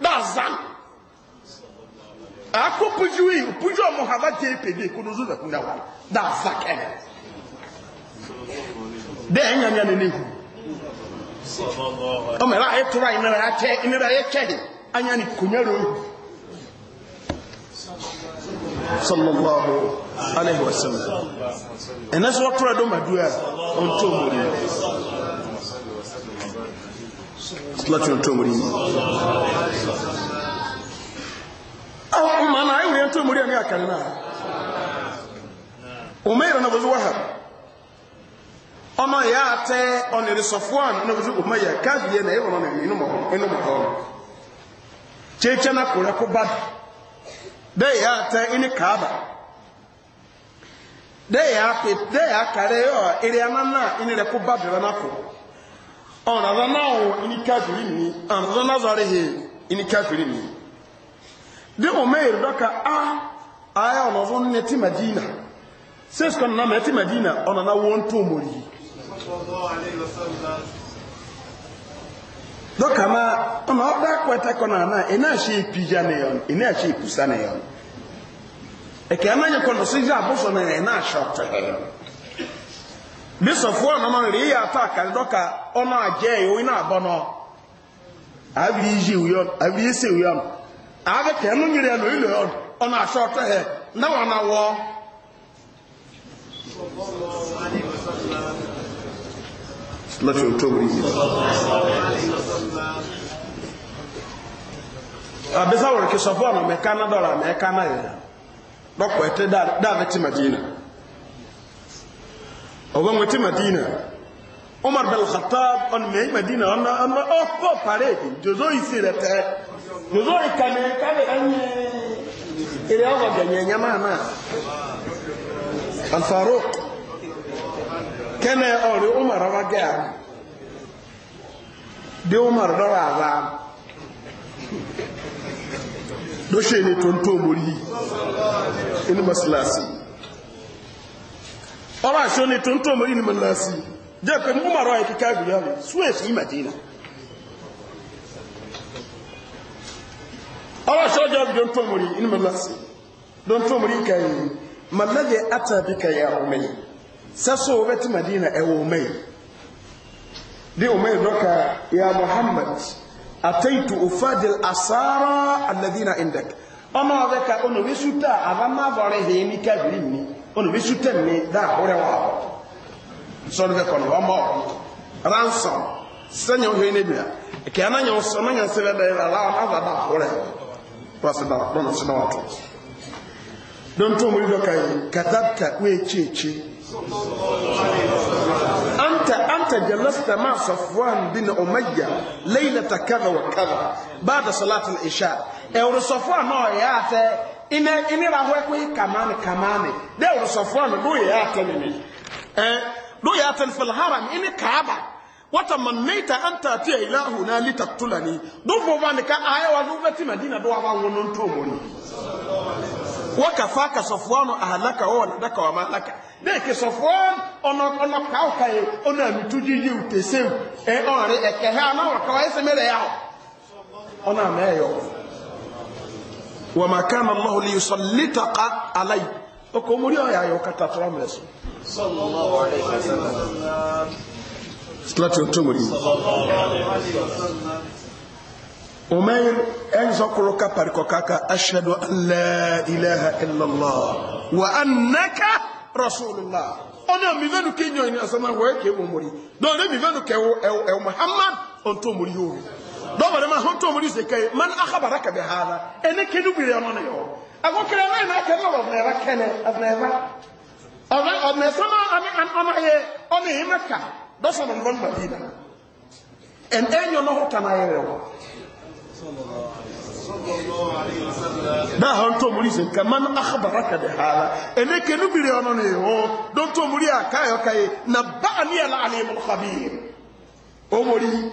Speaker 1: That's I could dazan akɔ puju yi puju ɔmo hama tie pede kodo zo zakun yawa dazan kɛnɛ de ɛnyanya ne ne hu ɔmɛ la ayɛ tora yi nira yɛ kyɛ nira yɛ kyɛ de anya ni konya ro sallallahu alayhi wa sallam ɛnɛ sɔ tora do ma du yɛ ɔntɔ mo
Speaker 2: de. salatu tomori
Speaker 1: ma na ayi wuri tomori akari na na wuzu wahab ọmọ ya atẹ ọnìrì na wuzu na ẹwọn ọnìrì inú mọ ọrọ kyekye na kore ko ya kaaba ya apɛ dɛ iri anana ini ọ̀rọ̀rọ̀ náà ní káfìrí ní ọ̀rọ̀rọ̀ náà dị o meere dọka a aya ọ̀nọ̀zọ neti madina na madina ọ̀nà na wọ́n tó ọ̀nà na ị na-achị ipija na ya ị na-achị ipusa na ya eke anaghịkọ na sịja bísọ̀fún ọ̀nà máa rí yà tá àkàrídọ́ka ọnụ àjẹ́ ìwé iná àbọ̀nà àbírí yìí ìwúyọ́n àbírí yìí sí ìwúyọ́n àbí kẹ́mú nyìrì ẹ̀ lórí lóyọ́n ọ̀nà àṣọ ọ̀tọ̀ ẹ̀ náwó ọ̀nà ọba wọn ti madina umar bin khattab on me madina on on opo parade jozo isire te jozo ikane kale anye ile ọba ganye nyama na al faruq kene ori umar ọba gẹ de umar dọrọ àbá ló ṣe ni tó inú masilasi ọba ṣe ni tó ń tó mọ́rí ni mo lọ sí jẹ́ pé mú màrọ̀ ẹ̀ kíkà ìgbìyà rẹ̀ suez yìí màdínà ọba ṣe ọjọ́ bí tó ń mọ́rí ni mo lọ sí tó ń tó mọ́rí kà yìí màlẹ́dẹ̀ àtàbí kà yà ọmọ yìí sẹ́sọ ọbẹ̀ tí màdínà ẹ̀ wọ ọmọ yìí dé ọmọ yìí dọ́kà ya muhammad àtẹ̀yìtù òfàdìl àsárá àlẹ́dínà indak ọmọ ọbẹ̀ ká ọ̀nà ono bi sute mi da hore wa so do ko no mo ransom sanya o hene bia ke ananya o so nanya se da la la na da da hore wa se da don se da wa to don to mu do kai kadabta we cheche أنت أنت جلست مع صفوان بن أمية ليلة كذا وكذا بعد صلاة ime imira ho ekwe kamani kamani de wo sofwan do ye atene ni eh do ye atene fil haram ime kaaba wata manaita anta tia ila huna litaktulani do bo ba ne ka aya wa do beti madina do wa wono nto moni wakafaka sofwan ahlaka wa nadaka wa malaka de ke sofwan ono ono ka ka e ono amituji yi utese eh, e onre eke ha na wa ka wa ese mere ya ona me yo وما كان الله ليسلطك علي okomori ọ̀yà yóò kàtà tó ọmọ ẹ̀sùn láti ọ̀tọ́ mọ̀rí umair ẹni sọkùnrin ká parikọ káka aṣẹ́dọ̀ aláìláha ilọ̀lọ́ wa annaka rasulullah ọ̀nà mi fẹ́nu kí yọ ìní asánà wọ́ẹ̀kẹ́ wọ́n mọ̀rí lọ́rẹ́ mi fẹ́nu kẹwọ́ ẹ̀wọ̀ muhammad ọ̀tọ́ mọ̀rí yóò rí dɔbɔdɛ ma hɔn tɔmɔ di se ka ye man akabara ka bɛ ha la ɛ e ne kɛnɛ wuli ɔnɔ yɔ a ko kɛlɛ n'a ye n'a kɛ n'a wɔ ɔbɛn yɛrɛ kɛnɛ ɔbɛn yɛrɛ ɔbɛn ɔbɛn sama ani ɔnɔ ye ɔnɔ ye ma ka dɔ sɔrɔ nɔnɔ ma bi la ɛ e ɲɔnɔ ko kana yɛrɛ wa. n'a hɔn se ka man akabara ka bɛ ha la ɛ e ne kɛnɛ ne yɔ dɔn tɔmɔ di a k'a na ba ani yɛlɛ ani mɔgɔ o wari.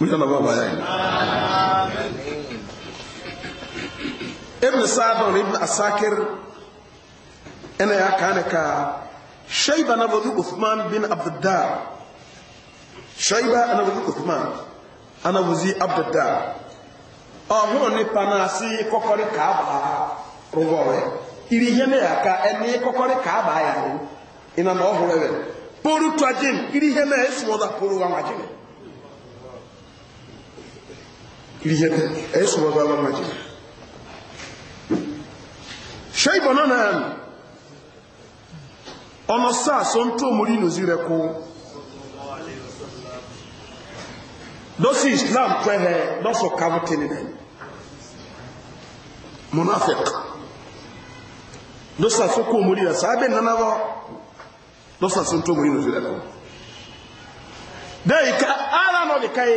Speaker 1: muna na baba yayi ibn sa'd ibn asakir ina ya kana ka shayba na bazu uthman bin abdullah shayba ana bazu uthman ana bazu abdullah ọhụrụ nipa na-asị kọkọrị ka aba rụgọ ọrụ iri ihe na ya ka ẹni kọkọrị ka aba ya rụ ị na na ọhụrụ poru twajin iri ihe na-esi ọda poru wa nwajin rijete ay suba baba maji shayba nana ono sa so nto muri no zire ko dosi islam kwehe doso kavutini ne munafiq dosa so ko muri sabe nana ba dosa so nto muri no zire ko dai ka ala no de kai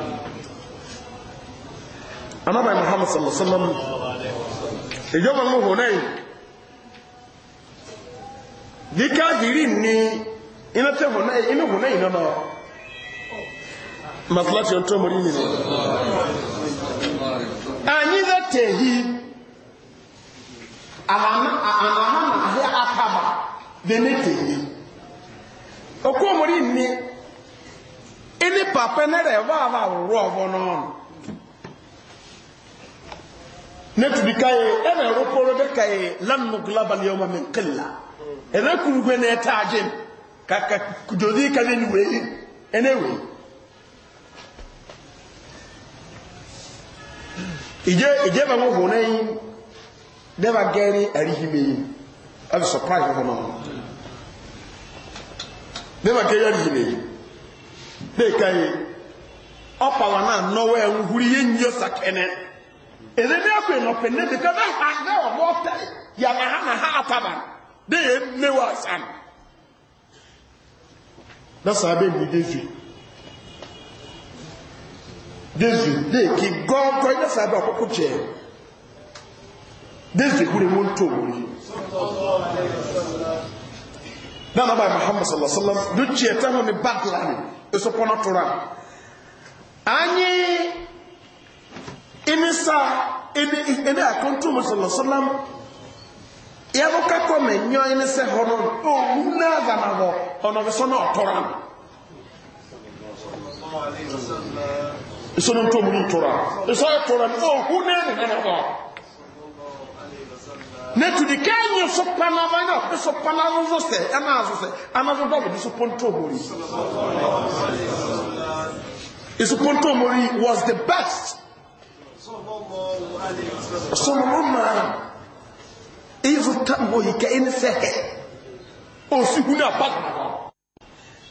Speaker 1: anabai muhammad sallallahu alaihi wasallam ìjọba mú hùnẹ́yìn bí káàkiri ní iná tẹ́ hùnẹ́yìn inú hùnẹ́yìn náà masalati ọ̀tọ́ mọ̀rí nínú àyíká tẹ̀hí àhàmáhàmáhẹ́ akaba bẹ́ẹ̀ tẹ̀hí ọkọ̀ mọ̀rí ní ilé pàpẹ́ náà rẹ̀ wà wà rọ̀ netudi kaye ɛna ɛrokoro de kaye lan muglaba liyoma min qilla ɛna kurugbe na ɛtaaje ka ka ka ne ni wei ɛna wei ije ije ba mo hona yi de ba gɛri arihi me yi ɛbi surprise hɔ no de ba gɛri arihi me yi de na nɔwɛ nhuri yɛ yọ sakɛnɛ. èdè na ẹ̀kọ́ ìnọ̀pẹ̀ níbi ka na ha ní ọ̀bọ̀ ọ̀pẹ̀ ha na ha àtàbà dé yẹ mẹ́wàá sàn. lọ́sàn abẹ́ mi na dézù dé kí gọ́ọ̀gọ́ iná sábẹ́ ọ̀kọ́kọ́ jẹ́ dézù kúrẹ́ mú na Na náà muhammad sallallahu alaihi wa sallam ló tiẹ̀ ni anyi. ini sa ini ini akonto musallam sallam ya bo ka ko me nyo ini se o una ga na bo ono be so na otora isono to mu tora iso e tora o oh, hune ni na bo ne tu di kenyo so pana ba na e pana zo se ana zo se ana e zo do so ponto mori iso ponto mori was the best sọlọ́lọ́ máa ìfò tàbí òyìnkẹ́ inú sẹ́hẹ̀ òsì húnà pàtàkì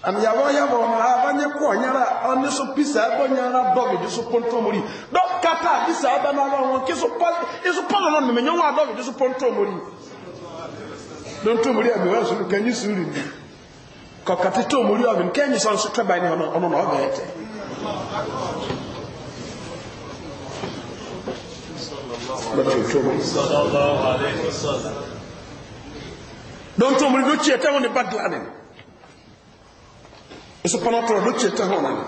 Speaker 1: àmìyàwó yàwó ọmọ abányẹ kọ ọnyára ọní so pisa ẹbọ nyára dọgìdì so pọntọmọrì dọkítà pisa ẹbẹ náà wọn kí so pọlọ náà mímẹnyẹ wọn dọgìdì so pọntọmọrì dọntọmọrì àmì wọn sọrọ kẹnyí sùúrù mi kọkàtí tọmọrì ọmọ kẹnyí sọ nsọ tẹbà ẹni ọmọ náà ọbẹ ẹtẹ. don to mun doce ta wani badla ne isu fana to doce ta hona ne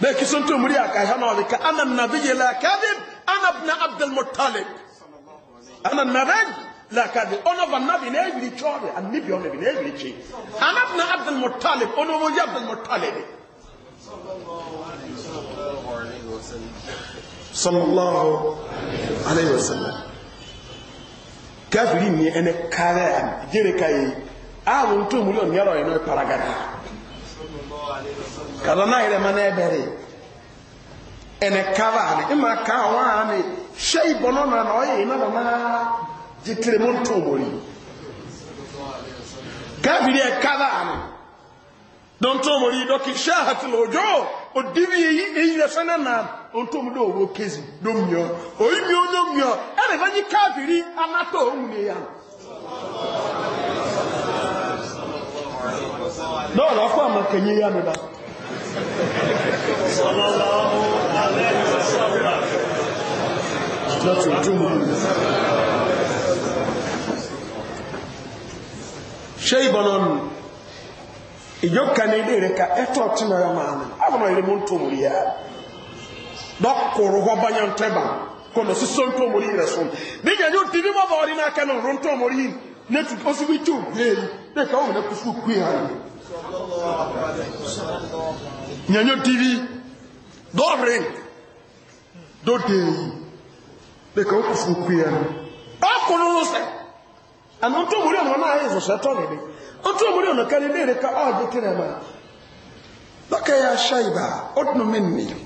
Speaker 1: da ki sun to muri aka hana wa ka anan nabiyyi la kadib ana ibn abd al muttalib ana nabiyyi la kadib ona ba nabi ne yi chore an nabi ona bi ne yi chi ana ibn abd al muttalib ona mo abd al muttalib sallallahu sallallahu alaihi wasallam kafiri ni ene kare am jere kai awon to mu yon yaro eno paragada kala na ire mana ebere ene kava ni ima ka wa ni shei bono na no yi na na jitire mun to mori kafiri e kava ni don to mori do ki shahatul ojo o divi na ntom do owo kezi do oyi mio no mio e be vanyi kafiri amato ohun ya no lo fa ma ya no da
Speaker 2: sallallahu alaihi
Speaker 1: wasallam that's what you shayban on ijoka ne dire ka eto tino ya maana abono ile muntu mulia dɔkoro hɔ banyantɛba kɔnɔ sisan ntomori yɛrɛ sɔn ne nyanyɔ didi ma bɔ ɔri n'a kɛ n'oro ntomori ne tu osibi tu heyi ne ka o minɛ kusu kui ha nyanyɔ didi dɔɔri do deyi ne ka o kusu kui ha ɔkɔlɔ sɛ ana ntomori ɔnɔ n'a ye zɔsɛ tɔ de de ntomori ɔnɔ kari ne yɛrɛ ka ɔɔ de kiri ma dɔkɛ y'a sa yi ba o dunu mi nin.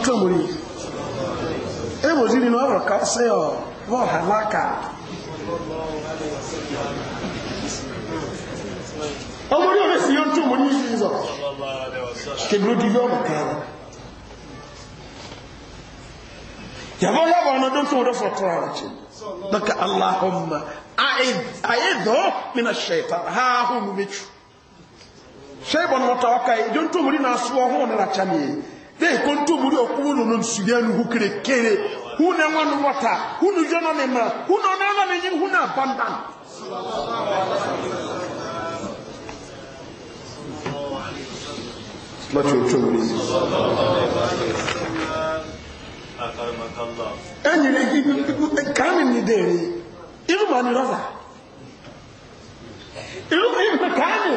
Speaker 1: ntomori eboziri na ọrọ ka sị ọ wọhalaka ọmọdé ọrẹ ihe yọ ntomori jizọ kebiri odi yọ ọrọ kaa yàbọ yàbọ ọ̀nà dọ́ntọ́ wọ́n dọ́fọ̀ tọ́ra rẹ̀ allahumma mina shaitan ha shaibu na wata waka yi don to muri na suwa ho na racha ne dai kon to muri okuwo no no su dia no hukere kere hu na nwa no wata hu no jo na me ma hu no na na me hu na bandan lati o to muri ẹnyìnrẹ kàmì ní dèrè irú mà ní rọ́fà irú mà ní kàmì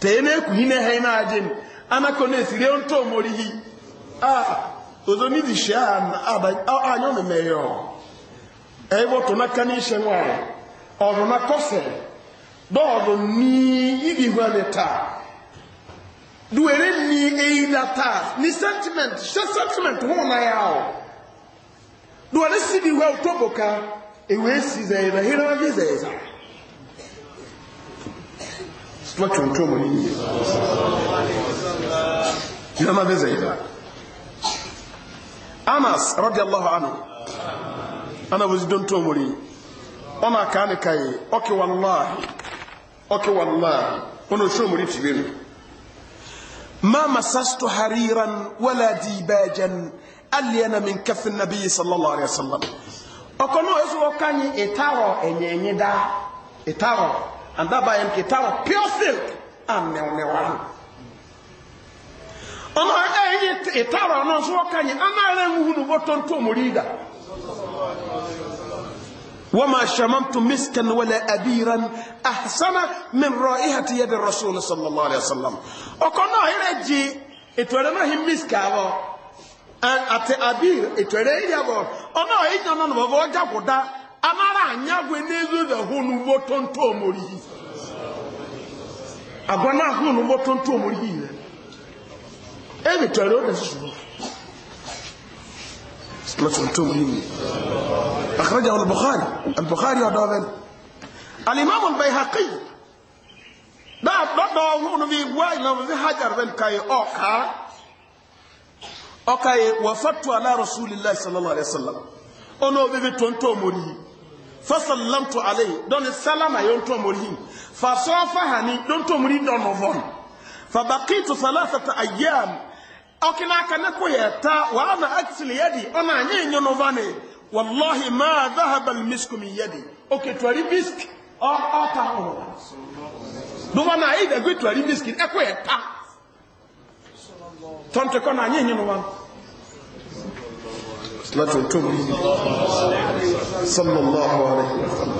Speaker 1: tẹ̀yẹ́ náà kù yín ana náà jẹ́ mi anakọ náà sì rí ohun tó mórí yìí a òzò nídìí ṣe àyàn mẹ́mẹ́ yọ ẹ̀ e wọ́n tó náà ká ní iṣẹ́ wọn rẹ̀ ọ̀rọ̀ náà kọ́sẹ̀ dọ́ọ̀dọ̀ ní yìí wọn ni ta duwere ní eyi la ta ní sentiment ṣe sentiment wọn na yà ọ duwere sì ni wọn tó bò ká èwe sì zẹ̀ yìí rẹ̀ yìí rẹ̀ wọ́n fi situwacho mtu mwenyewe ina mabeza ila Anas radiyallahu anhu ana wazidon mtu mwenyewe ona kane kai okay wallahi okay wallahi ono sho muri tibenu ما مسست حريرا ولا ديباجا ألين من كف النبي صلى الله عليه وسلم أكونو إذا كان إتارو إني إني دا إتارو and that by him kitara pure silk and mewnewa ọmọ ẹ̀yìn ìtara ọ̀nà ṣọ́wọ́ kanyẹ anáàrẹ̀ ń hùn wọ́tọ́ tó mú rí ìdá wọ́n máa ṣàmọ́tò miskan wọlé abiran ahsana min rọ ìhà ti yẹ́dẹ̀ rasul sallallahu alayhi wa sallam ọkọ̀ náà ẹ̀rẹ̀ jí ètò ẹ̀rẹ̀ náà hi miska wọ́ àti abir ètò ẹ̀rẹ̀ ìyàbọ̀ ọ̀nà ẹ̀yìn náà bọ̀bọ̀ ọjà kò dá amara anyagwe n'ezoza hunu bo tonto omori yi agwa na hunu bo tonto omori yi re ebi tare o da su shuru na tonto omori yi akhrajahu al-bukhari al-bukhari wa dawal al-imam al-bayhaqi da dodo hunu bi wa ina bi hajar ben kai oka oka e, wa fatwa ala rasulillahi sallallahu alaihi wasallam ono bi tonto omori yi fasallamtu alayhi don salama yon to mori fa sofa hani don to mori don no von fa baqitu thalathata ayyam akina kana ko ta wa ana aksili yadi ona nyenyo no vane wallahi ma dhahaba almisku min yadi okay twari bisk o o ta o do wana ai da go twari bisk e ko yata tonte kona nyenyo no vane صلاة وتوب صلى الله عليه وسلم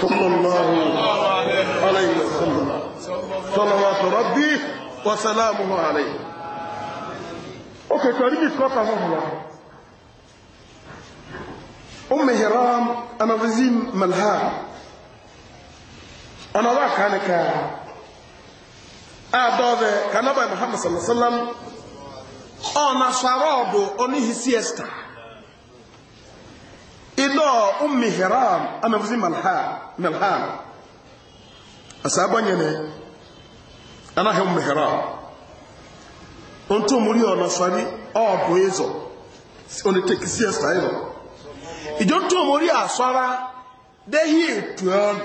Speaker 1: صلى الله عليه وسلم صلوات ربي وسلامه عليه اوكي تاريخ كوكا هو ام هرام انا وزين ملها انا واكانك ادوبه كان ابو محمد صلى الله عليه وسلم ọ̀nà sọ̀rọ̀ ọ̀dọ̀ oníhi siesta idọ́ ummi hiram amẹ́fusi malham asabanye ne anaghị ummi hiram ntụmuri ọ̀nà sọ̀rọ̀ ọ̀dọ̀ ịzọ oniteki siesta ịzọ ìjọ ntụmuri asọra dehi etu ọnụ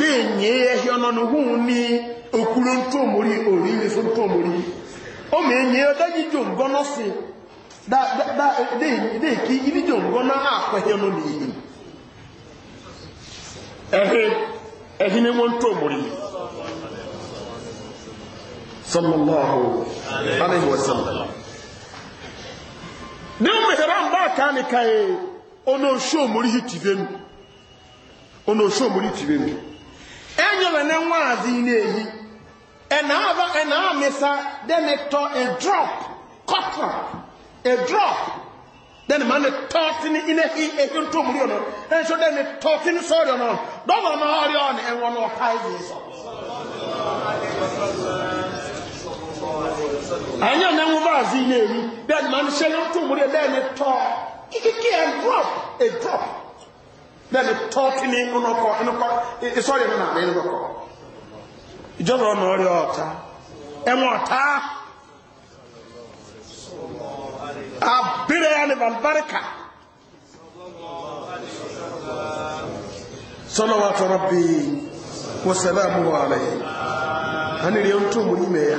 Speaker 1: bẹ́ẹ̀ ní ẹ̀hí ọ̀nà nìhún ní okúrò ntòmórí òrí ilé fún ntòmórí ó mẹ́ ní ọdá yìí ń gọ́nà sí déèkì ilé ń gọ́nà àpẹ̀hẹ́ ọ̀nà nìyí nto ẹ̀hí ní wọ́n ntòmórí sallallahu alaihi wasallam ní ọmọ ìhẹ́rán bá kánìkà ẹ̀ ọ̀nà òṣòmórí enyere ne nwaazị na-eyi ena ava ena amịsa then it to a drop cotton a drop then the man it taught in in a he a to muri ono and so then it taught in so ono don't know how you on and one of high so anya na nwaazị na-eyi then man shall to muri then it to kiki a drop a drop then it taught me unoko unoko sorry no na me unoko ijodo no ori ota emo ota abire ani balbarka sallallahu rabbi wa salamu alayhi haniri on tumu ime ya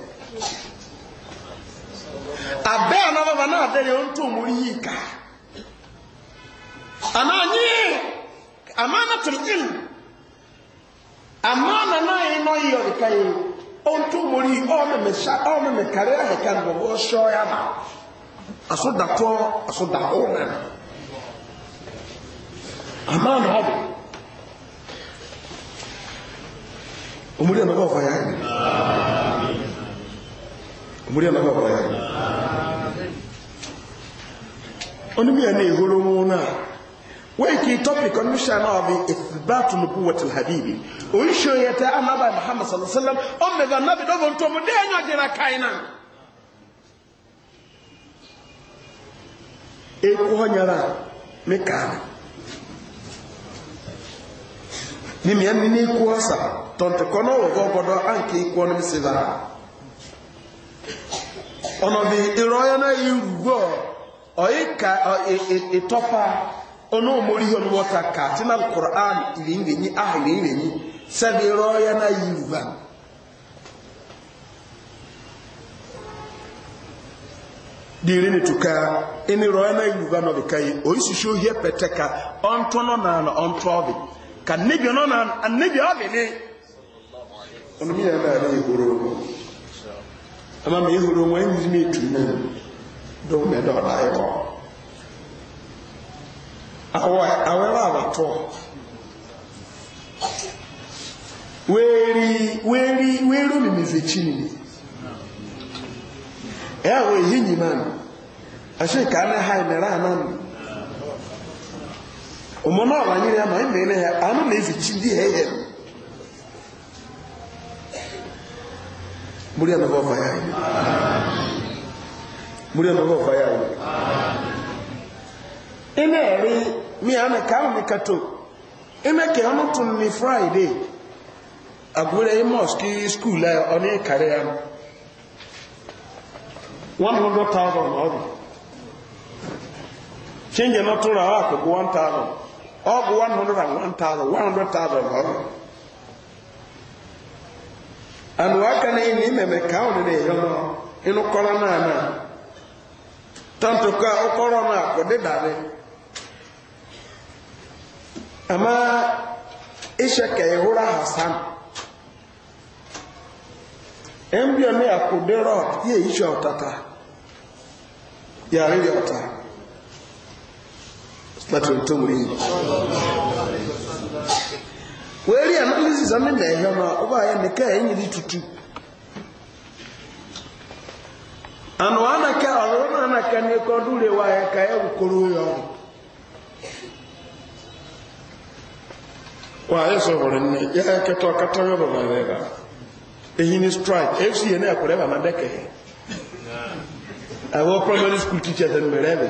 Speaker 1: abẹ́ anábàbà náà bẹ̀rẹ̀ ohun tó mórí yìí ká àmà ní àmàna tìrìtìrì àmàna náà yìí náà yìí ọ̀rìkà yìí ohun tó mórí yìí ọ̀mẹ̀mẹ̀ kàrẹ́ àhẹ̀kà ní bọ̀bọ̀ ṣọ́ ya bá asọ́dàtọ́ asọ́dàhó náà àmàna ọ̀bẹ̀ omori ẹ̀ ọ̀fà yá yìí muri ya maka kwaya oni mi ne ihoro mu na wai ki topic on misha na obi ithbatu nubuwat alhabibi o sho ya ta anaba muhammad sallallahu alaihi wasallam on me van nabi do won to mu de nya jira kaina e ko hanyara me kana ni mi an ni ko asa tonte kono wo godo anki ko no mi sivara ọ̀nọ̀dì ìrọ̀yẹ́ náà irúgbọ́ ọ̀yíká ìtọ́pa onóòmórí olúwọ́ta kàtínà kùrán ìrìnrìnyí ahìrìnrìnyí sẹ́bí ìrọ̀yẹ́ náà irúgbà dìrí ni tuka ẹni ìrọ̀yẹ́ náà irúgbà náà bìkà yìí oríṣiríṣi ohiẹ́ pẹ̀tẹ́ka ọ̀ntọ́ náà ka ọ̀ntọ́ ọ̀bì na níbi ọ̀nà náà níbi ọ̀bì ni na náà ní ìgboro ama ma ehoro onwe anyị m etu na do me do da ego awa awera abato weri weri weru mi mezechini ya we hinyi man ashe ka na ha me ra na mi omo na wa nyiri ama me ne ha ama mezechini di he he muri amagorofa yayo muri amagorofa yayo ineri miyame kama mikato imeke hono tuni friday agure i mosque school ayo oni kare ya 100,000 ọdụ chenje nọtụrụ ahụ akụkụ 1,000 ọgụ 101,000 100,000 ọdụ anu aka na ini ka onu na eyo inu kora na na tanto ka ụkọrọ na akụ dị dare ama isha ka ehura hasan embio me akudero ye isha otata ya rili ota Slatu tumri. weri analysis ame na ɛhwɛ no a wobaa yɛ meka ɛnyɛ de tutu ano anaka ɔlɔrɔ no anaka ne kɔdure wa yɛ ka yɛ wokoro yɛ ɔ wa yɛ wɔre ne yɛ kɛtɔ kata yɛ bɔbɔ yɛ ba ni strike fc yɛ ne ɛkɔrɛ ba ma dɛkɛ awɔ primary school teacher tɛ no bɛrɛ bɛ.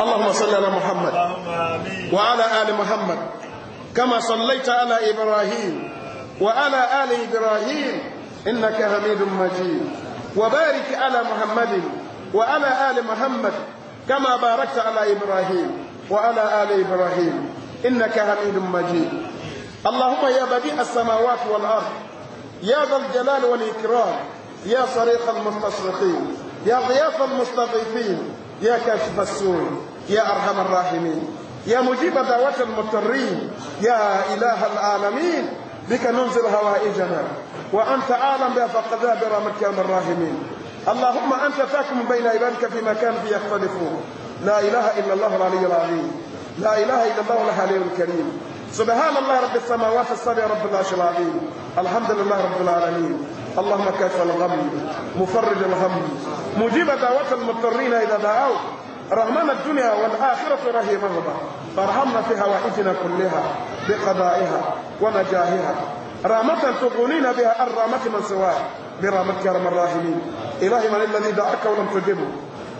Speaker 1: اللهم صل على محمد وعلى آل محمد كما صليت على إبراهيم وعلى آل إبراهيم إنك حميد مجيد وبارك على محمد وعلى آل محمد كما باركت على إبراهيم وعلى آل إبراهيم إنك حميد مجيد اللهم يا بديع السماوات والأرض يا ذا الجلال والإكرام يا صريخ المستصرخين يا ضياف المستضيفين يا كاشف السوء يا أرحم الراحمين يا مجيب دعوات المضطرين يا إله العالمين بك ننزل هوائجنا وأنت أعلم بها فقدها برحمتك يا الراحمين اللهم أنت تحكم بين عبادك في مكان فيه يختلفون لا إله إلا الله العلي العظيم لا إله إلا الله الحليم الكريم سبحان الله رب السماوات السبع رب العرش العظيم الحمد لله رب العالمين اللهم كاشف الغم مفرج الهم مجيب دعوة المضطرين إذا دعوا رغمنا الدنيا والآخرة رحمهما فارحمنا في هوائجنا كلها بقضائها ونجاهها رحمة تغنينا بها عن من سواك برحمتك يا رب الراحمين إلهي من الذي دعاك ولم تجبه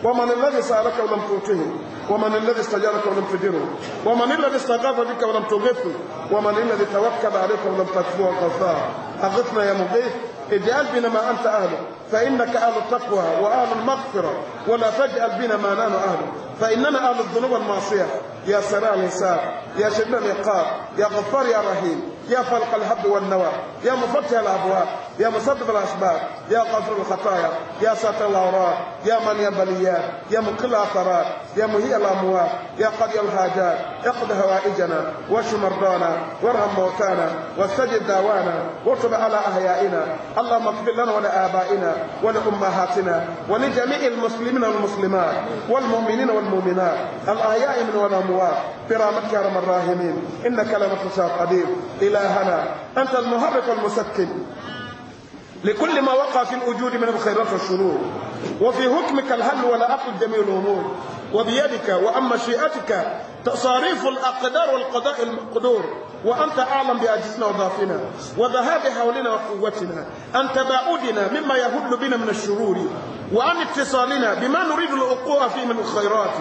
Speaker 1: ومن الذي سألك ولم تؤته ومن الذي استجارك ولم تجره ومن الذي استغاث بك ولم تغفه ومن الذي توكل عليك ولم تكفوه غفار أغثنا يا مغيث اجعل بنا ما أنت أهله فإنك أهل التقوى وأهل المغفرة ولا تجعل بنا ما نحن أهله فإننا أهل الذنوب والمعصية يا سراء الإنسان يا شديد العقاب يا غفار يا رحيم يا فلق الحب والنوى يا مفتح الأبواب يا مسبب الأسباب يا غفر الخطايا يا ساتر الأوراق يا من يا بليات يا مقل الأثرات يا مهي الأموات يا قضي الحاجات اقض هوائجنا واشف مرضانا وارحم موتانا واستجد داوانا وارتب على أحيائنا اللهم اغفر لنا ولآبائنا ولأمهاتنا ولجميع المسلمين والمسلمات والمؤمنين والمؤمنات الأحياء من والأموات برامتك يا رب الراحمين إنك لمخشى قديم إلهنا أنت المحرك والمسكن لكل ما وقع في الوجود من الخيرات والشرور وفي حكمك الهل والعقد جميع الأمور وبيدك وأما مشيئتك تصاريف الأقدار والقضاء المقدور وأنت أعلم بأجسنا وضعفنا وذهاب حولنا وقوتنا أن تباعدنا مما يهل بنا من الشرور وأن اتصالنا بما نريد الوقوع فيه من الخيرات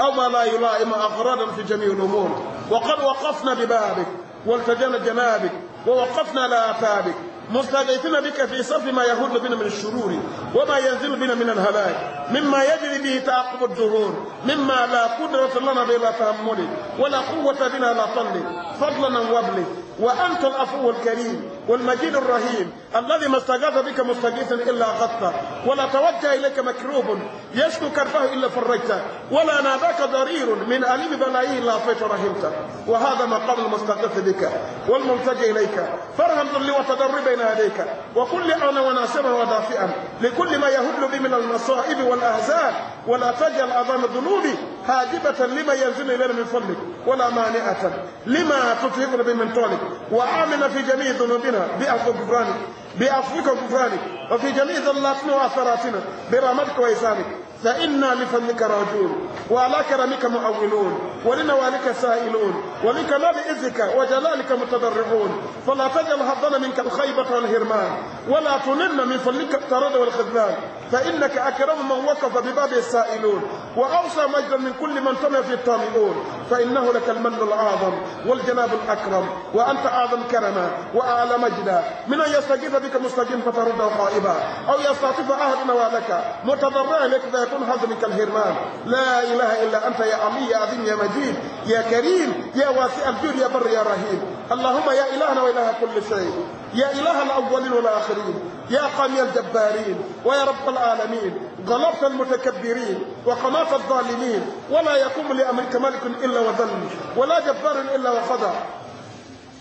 Speaker 1: أو ما لا يلائم أغراضا في جميع الأمور وقد وقفنا ببابك والتجانا جنابك ووقفنا على آثابك مستغيثين بك في صرف ما يهول بنا من الشرور وما ينزل بنا من الهلاك مما يجري به تعقب الدهور مما لا قدرة لنا بلا تأمل تهمل ولا قوة بنا لا طل فضلا وابلغ وأنت العفو الكريم والمجيد الرحيم الذي ما استغاث بك مستغيثا إلا أخذته ولا توجه إليك مكروب يشكو كربه إلا فرجته ولا ناداك ضرير من أليم بلائه إلا أعطيت رحمته وهذا مقام المستغيث بك والملتجئ إليك فارهم ظل وتضر بين يديك وكل أنا وناصرا ودافئا لكل ما يهل بي من المصائب والأهزان ولا تجعل أظام ذنوبي هاجبة لما ينزل إلينا من فضلك ولا مانعة لما تطهقنا به من طولك وآمنا في جميع ذنوبنا بأفو كفرانك بأفوك وكفرانك وفي جميع ذلاتنا وأثراتنا برحمتك وإسانك فإنا لفنك راجون وعلى كرمك معولون ولنوالك سائلون ولكمال بإذك وجلالك متضرعون فلا تجعل هضنا منك الخيبة والهرمان ولا تنن من فنك الترد والخذلان فإنك أكرم من وقف بباب السائلون وأوصى مجدا من كل من تم في الطامئون فإنه لك المن الأعظم والجناب الأكرم وأنت أعظم كرما وأعلى مجدا من أن يستجيب بك مستجيب فترده قائبا أو يستعطف أهد نوالك متضرع لك ذاك يكون هذا الهرمان لا إله إلا أنت يا عمي يا عظيم يا مجيد يا كريم يا واسع الجود يا بر يا رهيم اللهم يا إلهنا وإله كل شيء يا إله الأولين والآخرين يا قاني الجبارين ويا رب العالمين غلط المتكبرين وقناص الظالمين ولا يقوم لأمرك ملك إلا وذل ولا جبار إلا وخضع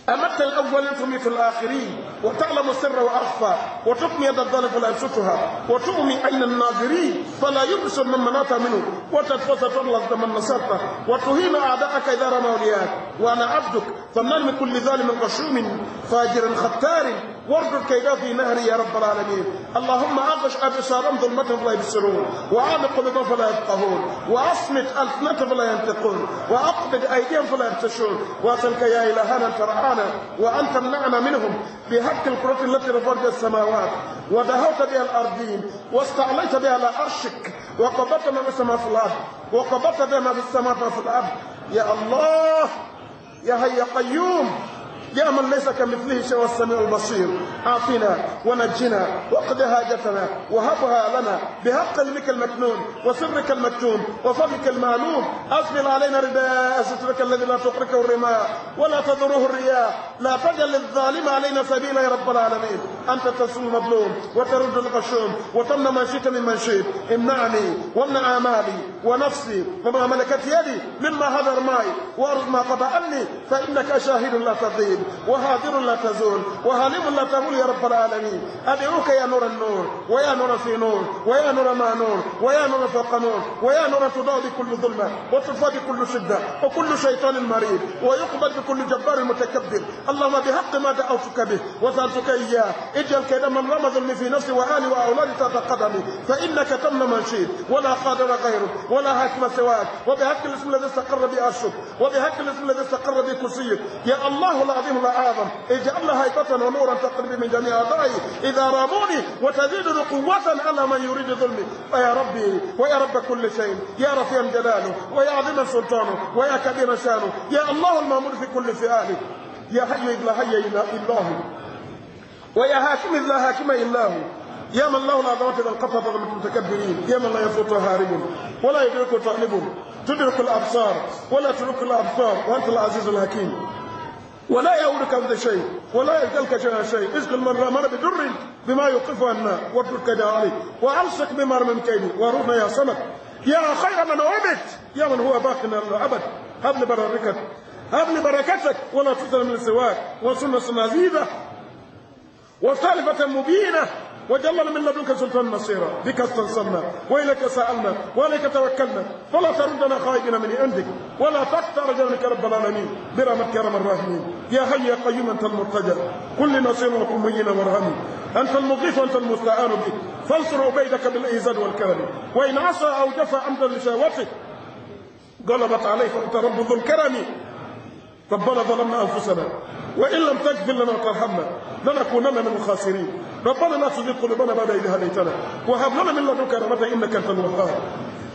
Speaker 1: أمت الأولين فمي في الآخرين وتعلم السر وأخفى وتقمي يد الظالم فلا يبسطها وتؤمي عين الناظرين فلا يبصر من منعت منه وتتفس تغلظ من نصرته وتهين أعداءك إذا رمى أولياءك وأنا عبدك فمن من كل ظالم غشوم فاجر ختار واردد كي في نهري يا رب العالمين اللهم أغش أبصارهم ظلمتهم فلا يبصرون وعامق قلوبهم فلا يفقهون وأصمت ألسنتهم فلا ينطقون وأقبض أيديهم فلا يبتشون وأصلك يا إلهنا ترحم معنا وأن تمنعنا منهم بهك الكرة التي رفعت السماوات ودهوت بها الأرضين واستعليت بها على عرشك وقبضت ما في السماء في الأرض وقبضت بها ما في السماء في الأرض يا الله يا هيا قيوم يا من ليس كمثله شيء السميع البصير أعطنا ونجنا وقد هاجتنا وهبها لنا بحق كلمك المكنون وسرك المكتوم وفضلك المعلوم أسبل علينا رداء سترك الذي لا تقركه الرماء ولا تضره الرياء لا تجعل للظالم علينا سبيلا يا رب العالمين أنت تسوي المظلوم وترد القشوم وتمنى ما شئت ممن شئت امنعني وامنع أعمالي ونفسي وما ملكت يدي مما هذا معي وارض ما قطعني عني فإنك شاهد لا تضيع تزل وهادر لا تزول وهالم لا تقول يا رب العالمين أدعوك يا نور النور ويا نور في نور ويا نور مع نور ويا نور فوق نور ويا نور تضاء كل ظلمة وترفع كل شدة وكل شيطان مريض ويقبل بكل جبار متكبر اللهم بحق ما دعوتك به وسألتك إياه اجعل كيد من رمى في نفسي وآلي وأولادي تحت قدمي فإنك تمن من شئت ولا قادر غيرك ولا حاكم سواك وبحق الاسم الذي استقر به أشرك وبحق الاسم الذي استقر به كرسيك يا الله العظيم عليهم الأعظم اجعل هيبة ونورا تقرب من جميع أعدائي إذا راموني وتزيدني قوة على من يريد ظلمي فيا ربي ويا رب كل شيء يا رفيع جلاله ويا عظيم سلطانه ويا كبير شانه يا الله المامور في كل فئاله يا حي لا حي إلا الله ويا هاشم لا هاشم إلا هو يا من له العظمة إذا انقطعت المتكبرين يا من لا يفوت هارب ولا يدرك طالب تدرك الأبصار ولا تدرك الأبصار وأنت العزيز الحكيم ولا يورك عند شيء ولا يجلك شيء كل من رمر بدر بما يقف النار واترك كدا عليه وألصق بمر من كيده ورونا يا صمد يا خير من عبد يا من هو باقنا الأبد هب بركتك هب بركتك ولا تزل من سواك وسنة مزيدة وسالفة مبينة وجعلنا من لدنك سلطان نصيرا بك استنصرنا وإليك سألنا وإليك توكلنا فلا تردنا خائبين من عندك ولا تقطع رجالك رب العالمين برحمتك يا رب الراحمين يا حي يا قيوم أنت المرتجى كل نصير لكم مينا وارهمي أنت المضيف وأنت المستعان بك فانصر عبيدك بالإيزاد والكرم وإن عصى أو جفى عمدا لشهوته غلبت عليه فأنت رب ذو الكرم ربنا ظلمنا أنفسنا وإن لم تغفر لنا وترحمنا لنكونن من الخاسرين ربنا لا تزغ قلوبنا بعد إذ هديتنا وهب لنا من لدنك رحمة إنك أنت الوهاب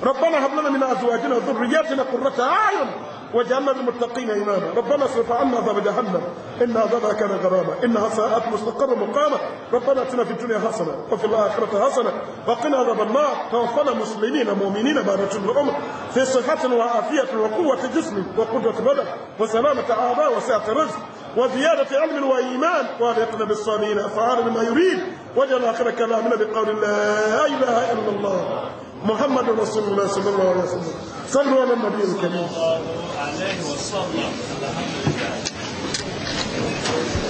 Speaker 1: ربنا هب لنا من أزواجنا وذرياتنا قرة أعين واجعلنا للمتقين إماما ربنا اصرف عنا عذاب جهنم إن عذابها كان غراما إنها ساءت مستقرا مقاما ربنا اتنا في الدنيا حسنة وفي الآخرة حسنة وقنا عذاب النار توفنا مسلمين مؤمنين بعد كل عمر في صحة وعافية وقوة جسم وقدرة بدن وسلامة أعضاء وسعة رزق وزيادة علم وإيمان وأن يقلب الصالحين أفعال ما يريد وجل آخر كلامنا بقول لا إله إلا الله محمد رسول الله صلى الله عليه وسلم صلوا على النبي الكريم
Speaker 2: صلى الله عليه وسلم الحمد لله